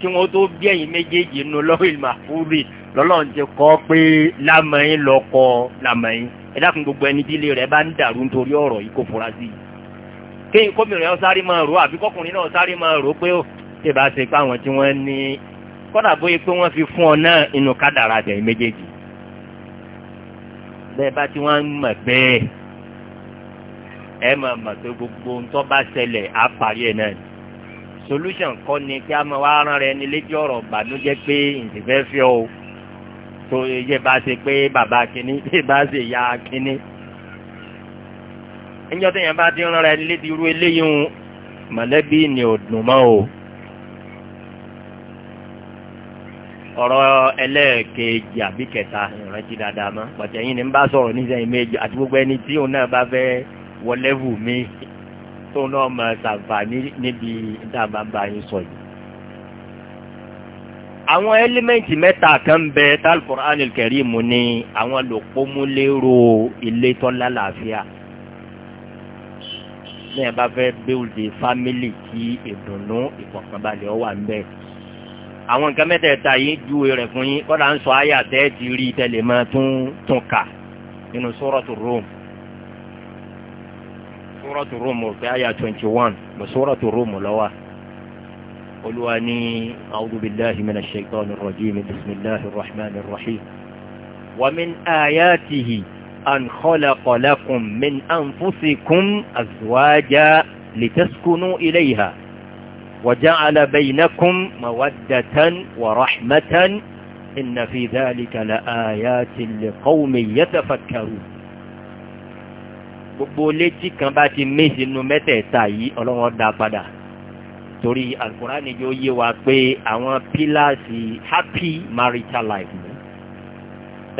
kí wọ́n tó bí ẹ̀yin méjèèjì nínú lọ́wọ́ ìmàfúrì lọ́lọ́run ti kọ́ pé lámọ̀yìn lọ́kọ lámọ̀yìn ẹ dákun gbogbo ẹni tí ilé rẹ̀ bá ń dàrú nítorí ọ̀rọ̀ yìí kò fura sí i. kéyìn kómìnrin náà sáré máa rò àbí kọkùnrin náà sáré máa rò pé ó ṣe bá ṣe pé àwọn tí wọ́n ní kọ́dà bóyá pé wọ́n fi fún ọ náà inú kádàrà àtẹ̀yìn méjèèjì. bẹ́ẹ̀ bá tí wọ́n ń mọ̀ bẹ́ẹ̀ ẹ máa mọ̀ pé gbogbo ń tọ́ bá ṣẹlẹ̀ á ẹ̀ náà ni solution kọ́ ni kí a máa wá rán rẹ ní létí ọ̀rọ̀ bànújẹ́ pé ǹjẹ́ fẹ́ fi ọ́ tó yẹ bá ṣe pé bàbá kínní [LAUGHS] yẹ bá ṣe ya kínní. ẹjọ́ tẹ̀yàn bá ti rán rẹ ní létí irú eléyìí ń mọ̀lẹ́bí ni ò dùn mọ́ o. ọ̀rọ̀ ẹlẹ́ẹ̀kejì àbí kẹta ìrántí dáadáa mọ́ pàtẹ́yìn ni ń bá sọ̀rọ̀ nísìnyí méjì àti gbogbo ẹni tí òun náà bá fẹ́ wọlé wù mí tó náà máa ṣàǹfààní níbi ìdábàbà yín sọ yìí. àwọn ẹlẹ́mẹ̀ntì mẹ́ta kan bẹ tálkùránì kẹrìmù ni àwọn lòpómúlérò ilé tọ́lá làáfíà ní ẹ bá fẹ́ a fámìlì tí ìdùnnú ìfọ̀kànbalẹ̀ ọ wà ń bẹ̀. àwọn nǹkan mẹ́tẹ̀ẹ̀ta yìí júwe rẹ̀ fún yín kọ́dà ń sọ àyà tẹ́ẹ̀ ti rí tẹ́lẹ̀ máa tún tún kà nínú sọ́rọ̀ tó Rome. سورة الروم في آية 21 بسورة الروم لو قلوا أني أعوذ بالله من الشيطان الرجيم بسم الله الرحمن الرحيم ومن آياته أن خلق لكم من أنفسكم أزواجا لتسكنوا إليها وجعل بينكم مودة ورحمة إن في ذلك لآيات لقوم يتفكرون gbogbo létí kan bá ti méjì nu mẹ́tẹ̀ẹ̀ta yìí ọlọ́run dá padà torí alukurani yóò yé wa pé àwọn pílàsì happy marital life ni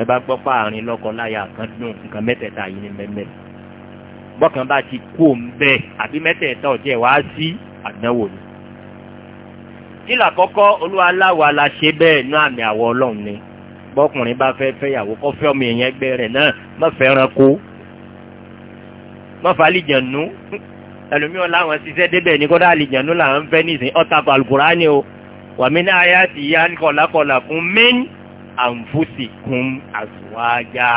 ẹ bá gbọ́ pa àárín lọ́kọ-láya kan dùn nǹkan mẹ́tẹ̀ẹ̀ta yìí ni mẹ́mẹ́ bọ́kàn bá ti kú òun àbí mẹ́tẹ̀ẹ̀ta ọ̀jẹ̀ wá sí àdánwò ni kílà kọ́kọ́ olúwaláwo aláṣẹ bẹ́ẹ̀ ní àmì àwọ̀ ọlọ́run ni bọ́kùnrin bá fẹ́ fẹ́yàwó kọ́ fẹ́ ọmọ èèyàn ẹgbẹ́ rẹ̀ náà má fẹ́ràn kó mọ́fà àlìjànú ẹlòmíràn láwọn ṣiṣẹ́ débẹ̀ ní kọ́dá àlìjànú làwọn fẹ́ nísìn ọ̀tàkọ̀ alukurani o wàmí náà ayé àti ìyá kọ̀lákọ̀lá fún mẹ́ń àǹfùsì kún àzùwájà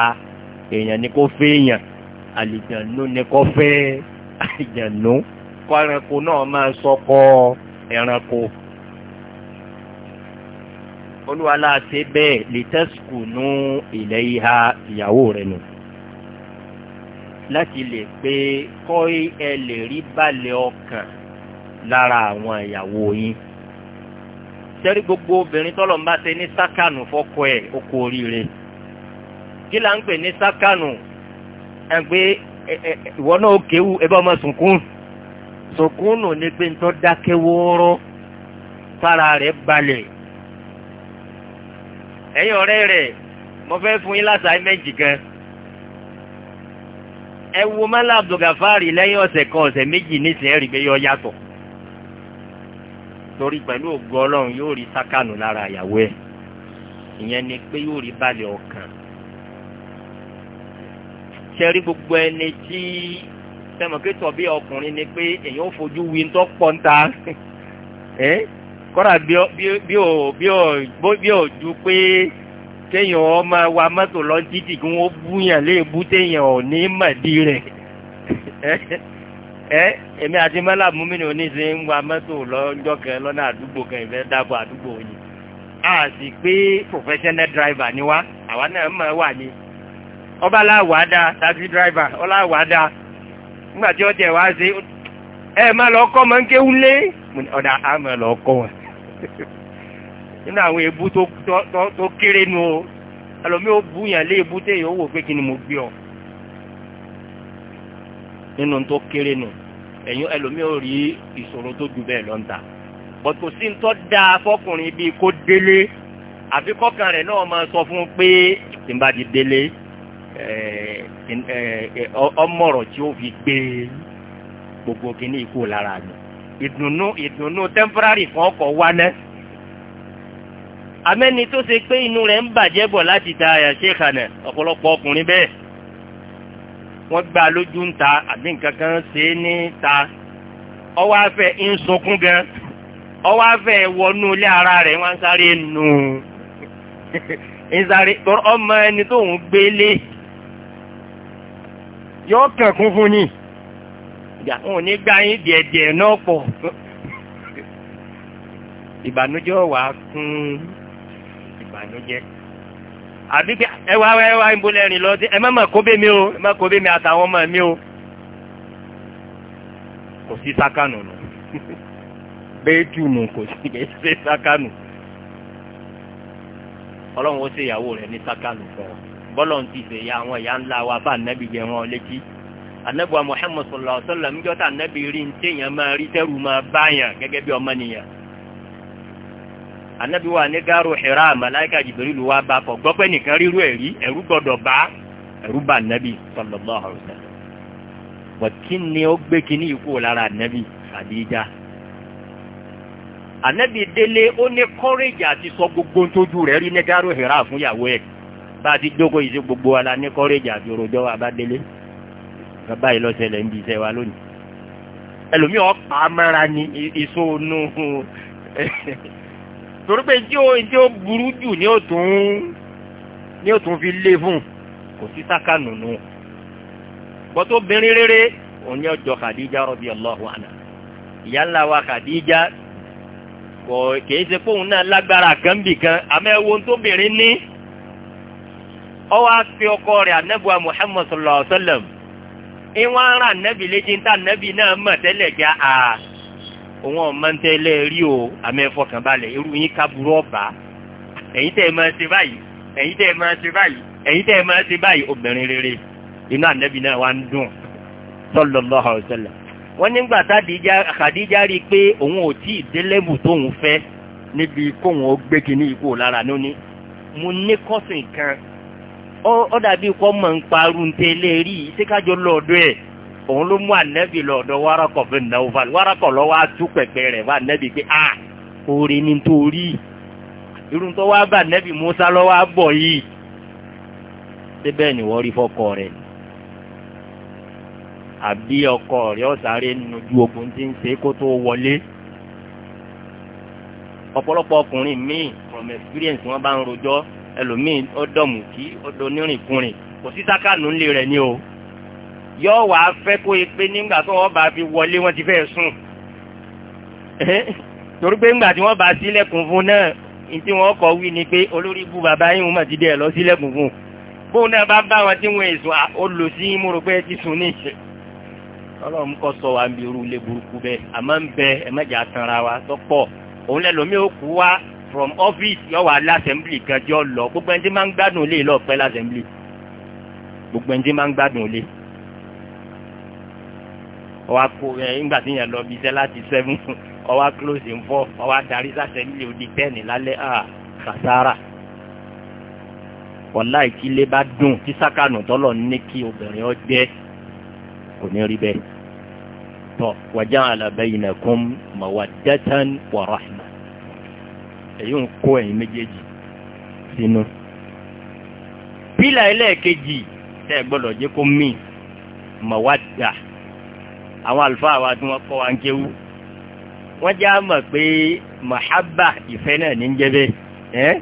èèyàn ní kò fẹ́ èèyàn àlìjànú ní kò fẹ́ àlìjànú kọ́ ẹranko náà máa sọkọ ẹranko olúwa láti bẹ́ẹ̀ lè tẹ́sùkù nú ilẹ̀ ìhà ìyàwó rẹ̀ nù láti lè pe kọ́ ẹ lè rí balẹ̀ ọkàn lára àwọn ìyàwó yín sẹ́rí gbogbo obìnrin tọ́lọ̀ ń bá ṣe ní sákànù fọ́kọ ẹ̀ oko oríire kí là ń pè ní sákànù ẹ pé ìwọ náà kéwu ẹ bá ọmọ sùnkún sùnkúnù ni pé ń tọ́ dákẹ́ wọ́ọ́rọ́ tára rẹ̀ balẹ̀ ẹ̀yin ọ̀rẹ́ rẹ̀ mo fẹ́ fún yín lásàámẹ́ǹtì gan-an ẹ wo mọ́lá abdulgafari lẹ́yìn ọ̀sẹ̀ kan ọ̀sẹ̀ méjì nísìnyẹ́ rí i pé yọ yàtọ̀ torí pẹ̀lú ògo ọlọ́run yóò rí sákànù lára ìyàwó ẹ̀ ìyẹn ni pé yóò rí balẹ̀ ọkàn ṣẹ́rí gbogbo ẹni tí sẹ́mọ̀kẹ́tọ̀ bí ọkùnrin ni pé èyàn fojú wi tó pọ̀ ń ta [LAUGHS] kọ́ra bí ò ju pé kéèyàn ọmọ wa mọ́tò lọ títì kí wọ́n búyàn léèbú téèyàn ò ní mọ̀dí rẹ̀ [LAUGHS] ẹ èmi àti mọ́là múmínì oníṣẹ́ ń wa mọ́tò lọ́jọ́ kan lọ́nà àdúgbò kan ìfẹ́ dábọ̀ àdúgbò yìí a sì pé professional driver ni wá àwa náà mọ̀ wà ní ọba aláwàdà taxi driver ọláwàdà nígbà tí ó tẹ̀ ṣe ẹ má lọ kọ́ mọ́ ń kéwú ọ̀dà á lọ kọ́ wọn. [LAUGHS] nínú àwọn ebú tó kéré nu o ẹlòmí ó bú yàn lé ebú téèyàn ó wò pé kí ni mo gbé ọ nínú tó kéré nu ẹ̀yìn ẹlòmí ó rí ìṣòro tó ju bẹ́ẹ̀ lọ́ńtà bọ̀tò sí ń tọ́ da fọkùnrin bíi kó délé àfi kọ́kàn rẹ̀ náà máa sọ fún un pé tí n bá ti délé ọmọọ̀rọ̀ tí ó fi gbé gbogbo kínní ikú lára mi ìdùnnú ìdùnnú tẹ́ḿpárárì kan kọ̀ wá náà amẹ́ni tó se pé inú rẹ̀ ń bàjẹ́ bọ̀ láti ta àyà ṣéèkànà ọ̀pọ̀lọpọ̀ ọkùnrin bẹ́ẹ̀ wọ́n gbà lójú ń ta àbí nǹkan kan ṣe é ní ta ọwọ́ afẹ́ ń sunkún gan ọwọ́ afẹ́ wọnú ilé ara rẹ̀ wọ́n [LAUGHS] ń sáré nù ń sáré ọmọ ẹni tó ń gbélé yóò kẹ̀kún fún ni ìgbà wọn ò ní gbá yín díẹ̀díẹ̀ náà pọ̀ [LAUGHS] ìbànújẹ́ wà kún un ìbànújẹ́ àbí pé ẹwà ẹwà ìbúlẹ̀ rìn lọ sí ẹ má mà kó bẹ́ mi o ẹ má kó bẹ́ mi àtàwọn ọmọ mi o kò sí sákànù nù [LAUGHS] bẹ́ẹ̀tù nù kò sí bẹ́ẹ̀ sákànù ọlọ́run ó ṣe ìyàwó rẹ̀ ní sákànù fún ọ bọ́lọ̀ ti ṣe ya àwọn ìyá ńlá wa bá ànábì jẹ wọn létí ànábì wa Muhammad sallallahu alaihi wasallam níjọ́ta ànábì rí ní téèyàn máa rí tẹ́rù máa báyàn gẹ́gẹ́ bí ọmọnìyàn anabi wa ní gaaru hira malaika jibirilu wa bá fọ gbọ́ pé nìkan ríru ẹ̀rí ẹ̀rú gbọ́dọ̀ bá ẹ̀rú bá anabi sallallahu alaihi wasallam wọ́kí ni ó gbé kíní ikú lára anabi Khadija anabi délé ó ní kọ́rẹ́jì àti sọ gbogbo tójú rẹ̀ rí ní gaaru hira fún ìyàwó ẹ̀ bá a ti dóko yìí gbogbo wa ní kọ́rẹ́jì àti òròjọ́ wa bàbá yìí lọ́sẹ̀lẹ̀ ń bi iṣẹ́ wa lónìí ẹlòmíì ọ̀pá amára ni ìṣó nu [LAUGHS] torí pé tí ó tí ó burú jù ní òtún ní òtún fi lévùn kò sí sáka nùnú bọ́tò obìnrin rere òun Khadija radiyallahu anha ìyá ńlá wa Khadija kò kìí ṣe fóun náà lágbára kan bì kan àmọ́ ẹ̀wọ̀n tóbìnrin ní ọwọ́ ọkọ rẹ̀ anabuwa Muhammad sallallahu ara ta náà òun ọmọ ń tẹ́lẹ̀ rí o àmì ẹ̀fọkànbalẹ̀ irú yín kábúrú ọ̀bà ẹ̀yin tẹ́ ẹ máa ṣe báyìí ẹ̀yin tẹ́ ẹ máa ṣe báyìí ẹ̀yin tẹ́ ẹ máa ṣe báyìí obìnrin rere inú ànábì náà wá ń dùn sallallahu alaihi wasallam wọ́n nígbà tádìjà Khadija rí i pé òun ò tí ì délẹ́bù tóun fẹ́ níbi kóun ó gbé kinní ikú lára lónìí mo ní kọ́sìn kan ó dàbí kọ́ mọ̀ ń parun tẹ́lẹ̀ rí i ṣé kájọ lọ́ọ̀dọ́ ẹ̀ òun ló mú ànẹ́bì lọ ọ̀dọ̀ wárakọ̀ fún nàwọ́fà wárakọ̀ lọ́wọ́ atú pẹ̀pẹ́ rẹ̀ bá ànẹ́bì pé a oore ni torí irun tó wá bá ànẹ́bì musa lọ́wọ́ abọ̀ yìí síbẹ̀ ni wọ́n rí fọkọ rẹ̀ àbí ọkọ rẹ̀ ọ̀sáré nínú ju ogun tí ń ṣe kó tó wọlé ọ̀pọ̀lọpọ̀ ọkùnrin míì from experience wọ́n bá ń rojọ́ ẹlòmíì ó dọ̀mù kí ó do nírìnkùnrin kò sí sákàánú ńlẹ̀ rẹ̀ ni o yọ wà á fẹ́ kó e pé nígbà tó wọ́n bá fi wọlé wọ́n ti fẹ́ sùn torí pé ńgbà tí wọ́n bá sílẹ̀kùn fún náà tí wọ́n kọ̀ wí ni pé olórí ibú bàbá yìí wọ́n ti dẹ̀ lọ sílẹ̀kùn fún bóun náà bá bá wọn tí wọ́n èso olùsí mú rò pé ti sùn ní ọlọ́run kọ́ sọ wa bí irú ilé burúkú bẹ́ẹ̀ àmọ́ ń bẹ ẹ̀mẹ́jà tanra wa tọ́pọ̀ òun lẹ́lọ́mí ó kú wa from office yọ wà lásẹ̀mblì kan jọ lọ gbogbo ẹni tí máa ń gbádùn ilé lọ́ọ̀pẹ́ lásẹ̀mblì gbogbo ẹni tí máa ń gbádùn ilé ọwọ́ akó ẹ eh, ńgbà tí yẹn lọ bí iṣẹ́ láti seven ọwọ́ close ń fọ́ ọwọ́ adarí sàṣẹ nílé odi ten lálẹ́ à ah, kàtàrà wọ́n láì tí ilé bá dùn tí sákànù tọ́lọ̀ ní kí obìnrin ọ jẹ́ kò ní rí bẹ́ẹ̀ tọ́ wàjà àlàbẹ̀yìnàkùn mawaddatan wa rahma èyí ń kó ẹ̀yìn méjèèjì sínú. pílà ẹlẹ́ẹ̀kejì tẹ́ ẹ gbọ́dọ̀ kó mí mawadda àwọn àlùfáà wa tí wọ́n kọ́ wa ń kéwú wọ́n já mọ̀ pé mahaba ìfẹ́ náà ní jẹ́bẹ́ ẹ́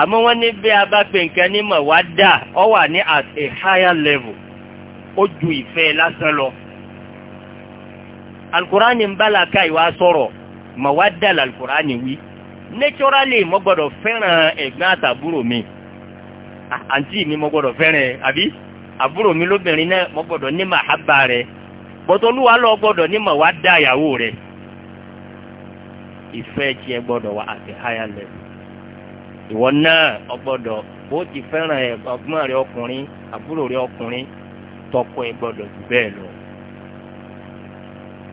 àmọ́ wọ́n ní bí a bá pe nǹkan ní mọ̀ wá dà ọ wà ní at a higher level ó ju ìfẹ́ lásán lọ alukurani ń bá làákà ìwà sọ̀rọ̀ mọ̀ wá dà wí mi àǹtí mi mo fẹ́ràn mi lóbìnrin náà mo ní rẹ̀ bọ́tọ̀ olúwa lọ gbọ́dọ̀ ní mọ̀ wá dá ìyàwó rẹ̀ ìfẹ́ tí ẹ gbọ́dọ̀ wá àti higher level ìwọ náà bó ti fẹ́ràn ẹ ọgbọ́n rẹ ọkùnrin àbúrò rẹ ọkùnrin tọkọ ẹ gbọ́dọ̀ jù bẹ́ẹ̀ lọ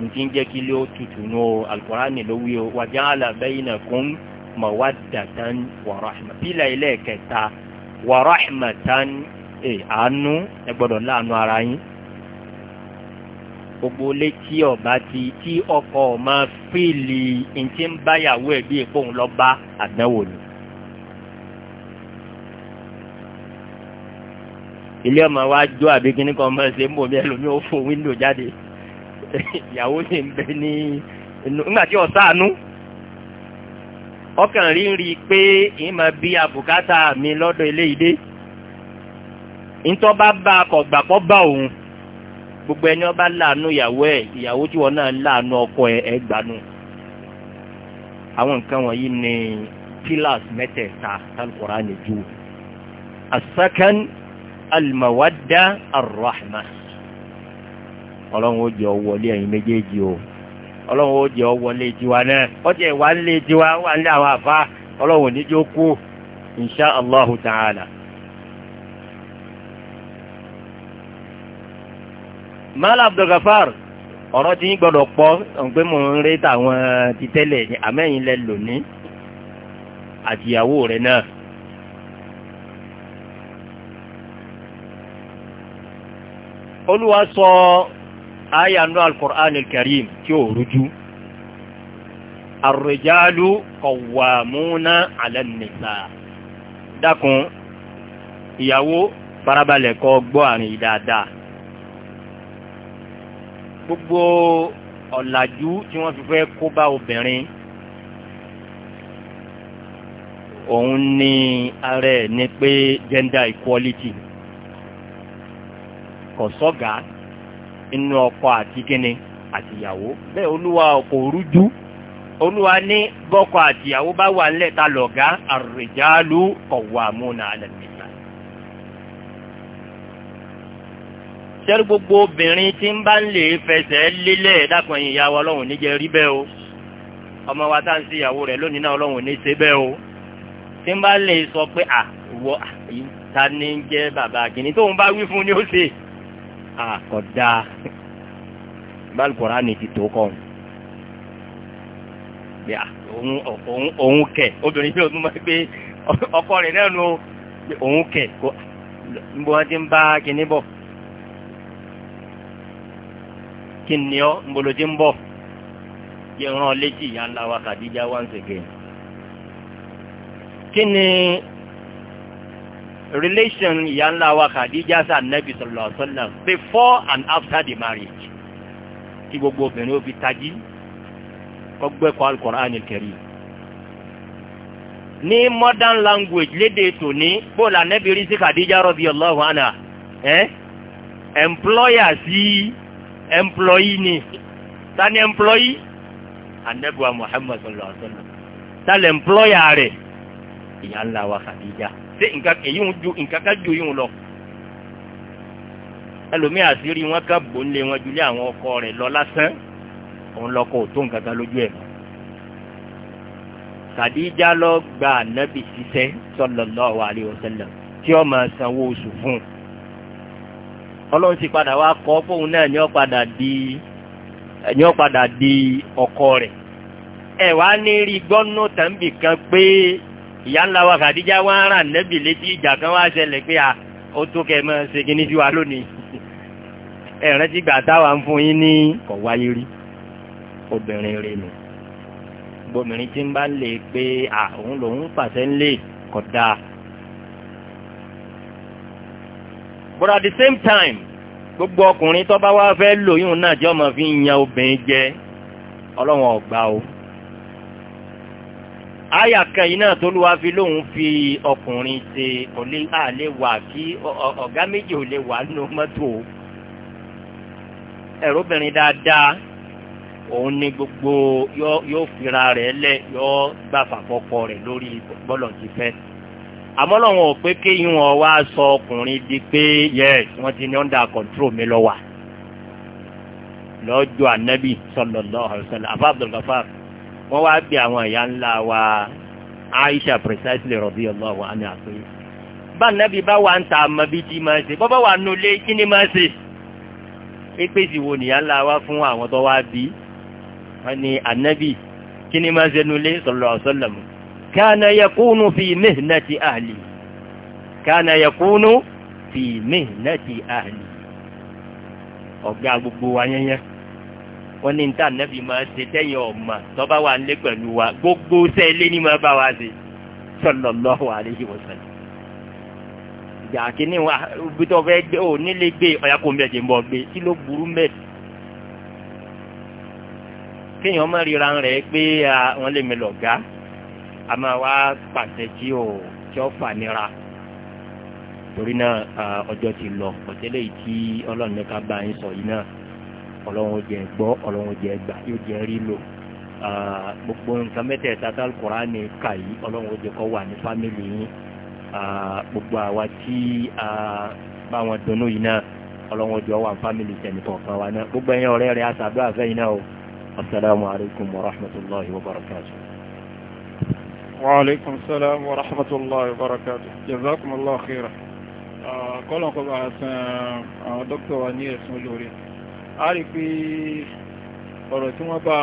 nti jẹ́ kí lé o tutù nù o alukurani ló wí o wàjáàlà bainakum mawaddatan wa rahma pílà ilé kẹta wa eh, àánú ẹ gbọ́dọ̀ láàánú gbogbo létí ọba ti tí ọkọ ọmọ fíìlì ntí ń báyàwó ẹ bí èpò ń lọ bá àdánwò ni. ilé ọmọ wa jó àbí kíní kan ọmọ ẹsẹ ń bò mí ẹlòmíì ó fò wíńdò jáde [LAUGHS] ìyàwó sì ń bẹ ní nígbà tí ọ̀sánú ọkàn rí ń rí i pé ìmọ̀ bí àbùkátà mi lọ́dọ̀ eléyìí dé ntọ́ bá bá a kọ̀ gbàpọ̀ bá òun. gbogbo ẹni ọba láàánú ìyàwó ẹ ìyàwó tí wọn náà láàánú ọkọ ẹ gbanú àwọn nǹkan wọ̀nyí ni pillars mẹ́tẹ̀ẹ̀ta tálùkọ̀rá nìjú asakan almawadda arrahma ọlọ́run ó jẹ́ ọwọ́lé ẹ̀yin méjèèjì o ọlọ́run ó jẹ́ ọwọ́lé tiwa náà ọjà ìwà ńlẹ̀ tiwa wà àwọn àfa ọlọ́run ò ní jókòó ta'ala. mala abdulgafar ọ̀rọ̀ tí yín gbọ́dọ̀ pọ̀ pé mò ń rí tàwọn ti tẹ́lẹ̀ ní amẹ́yìn lẹ lónìí àtìyàwó rẹ̀ náà. olúwa sọ ayanu al-Qur'an al-Karim tí ó rújú ar-rijalu qawwamuna 'ala dákun ìyàwó farabalẹ̀ kó gbọ́ àrùn yìí dáadáa gbogbo ọ̀làjú tí wọ́n fi fẹ́ kó bá obìnrin òun ni ara ẹ̀ ní pé gender equality kò sọ́gà inú ọkọ àti kíni àtìyàwó bẹ́ẹ̀ olúwa kò rújú olúwa ní bọ́kọ àtìyàwó bá wà nílẹ̀ ta lọ̀gá àrùjálù kọ̀wàmúnà àlẹ́ mi. tẹ́rù gbogbo obìnrin tí ń bá ń lè fẹsẹ̀ lélẹ̀ dákun ẹ̀yìn ìyá wa ọlọ́run níjẹ́ rí bẹ́ẹ̀ o ọmọ wa tá à ń sí ìyàwó rẹ̀ lónìí náà ọlọ́run ní ṣe bẹ́ẹ̀ o tí ń bá lè sọ pé à wọ ta ni ń jẹ́ bàbá kìíní tóun bá wí fún ni ó ṣe àkọ́dá balùkọ́rá ni ti tó kọ́ òun kẹ̀ obìnrin tí o tún máa gbé ọkọ rẹ̀ náà nu òun kẹ̀ níbo wọn ti ń bá kìíní bọ̀. kí ni ọ nbolojì ń bọ̀ yẹ létí ìyá ńlá wa Khadija once again kí ni relation ìyá ńlá wa Khadija sa nabi sallallahu alaihi before and after the marriage kí gbogbo obìnrin ó fi tají kọgbẹ́kọ̀ al-Qur'an al ní modern language léde tòní bóòlù anabi rí sí Khadija radiyallahu anha ẹ́ employer sí. Si, ẹmplọ́yì ni tani ẹmplọ́yì anabiwa muhammad sallallahu alaihi wa sallam tali ẹmplọ́yà rẹ̀ ìyá ńlá wa Khadija ṣé nǹkan èyí ń ju nǹkan ká ju yín lọ ẹlòmíì àṣírí wọn ká bò ń lé wọn ju lé àwọn ọkọ rẹ̀ lọ lásán òun lọkọ ò tó nǹkan kan lójú ẹ̀ mọ́ Khadija lọ gba anabi ṣiṣẹ́ sallallahu alaihi wa sallam tí ó máa sanwó oṣù fún un ọlọ́run sì padà wá kọ́ fóun náà ní ọ̀padà di ní ọ̀padà di ọkọ rẹ̀ ẹ wá ní rí gbọ́nú tàǹbì kan pé ìyá ńlá wa kàdíjà wá ń rà nẹ́bì létí ìjà kan wá ṣẹlẹ̀ pé à ó tó kẹ́ ẹ máa ṣe kíní sí wa lónìí [LAUGHS] ẹ rántí gbà táwa ń fún yín ní kọ̀ rí obìnrin rẹ̀ nù gbòmìnrin tí ń bá lè pé à òun lòun pàṣẹ ń lè but at the same time gbogbo ọkùnrin tó bá wá fẹ́ lò yíwọn náà jẹ́ ọmọ fi ń yan obìnrin jẹ ọlọ́wọ́n ọ̀gbà o. àyà kan yìí náà tó lùwà fi lóun fi ọkùnrin ṣe kò lè à lè wà kí ọ̀gá méjì ò lè wà nínú mọ́tò ẹ̀rọ dáadáa òun ni gbogbo yóò fira rẹ̀ lẹ̀ yóò gbàfà fọ́kọ rẹ̀ lórí bọ́lọ̀ ti fẹ́ àmọ́ lọ́wọ́ ò pé kí wọn wá sọ ọkùnrin di pé yes wọ́n ti ní under control mi lọ́wà lọ́jọ́ ànábì sallallahu alaihi wasallam àbá abdulgafar wọ́n wá bí àwọn ìyá ńlá wa aisha precisely radiyallahu anha àpè bá ànábì bá wà ń ta àmọ́ bí tí máa ṣe bọ́bá wà nù lé kí ni máa ṣe pépè sì wo nìyá ńlá wa fún àwọn tó wá bí wọ́n ní ànábì kí ni máa ṣe nù lé sallallahu alaihi wasallam كان يكون في مهنة أهلي كان يكون في مهنة أهلي ọ̀gá gbogbo wa yẹn yẹn wọ́n ní níta nẹ́bí máa ṣe tẹ́yìn ọ̀mà tọ́ba wa ń lé pẹ̀lú wa gbogbo sẹ́ẹ̀lẹ́ ní máa bá wa ṣe sallallahu alaihi wasallam. ìjà kínní wa ibi tó fẹ́ gbé ò nílé gbé ọ̀yà kò mẹ́ ṣe ń gbé kí ló burú mẹ́. kéèyàn má ríra rẹ̀ pé wọ́n lè mi lọ̀gá a máa wá pàṣẹ tí ò tí ó fà nira torí náà ọjọ́ ti lọ ọ̀tẹ́lẹ̀ yìí tí ọlọ́run ní ká bá yín sọ yìí náà ọlọ́run ó jẹ gbọ́ ọlọ́run ó jẹ gbà yóò jẹ rí lò gbogbo nǹkan mẹ́tẹ̀ẹ̀ta tá kura ní ká yìí ọlọ́run ó jẹ kọ́ wà ní fámìlì yín gbogbo àwa tí bá wọn dunnú yìí náà ọlọ́run ó jẹ wà ní fámìlì tẹ̀lé kọ̀ọ̀kan wa náà gbogbo ẹ̀yin ọ̀rẹ́ rẹ̀ àtàdúrà fẹ́yìn náà o asalaamualeykum wa rahmatulahi wa barakatuh. وعليكم السلام ورحمة الله وبركاته جزاكم الله خيرا kọ́lọ̀n kọ́ bá san àwọn dókítà wa ní ẹ̀sùn olóore a rí pé ọ̀rọ̀ tí wọ́n bá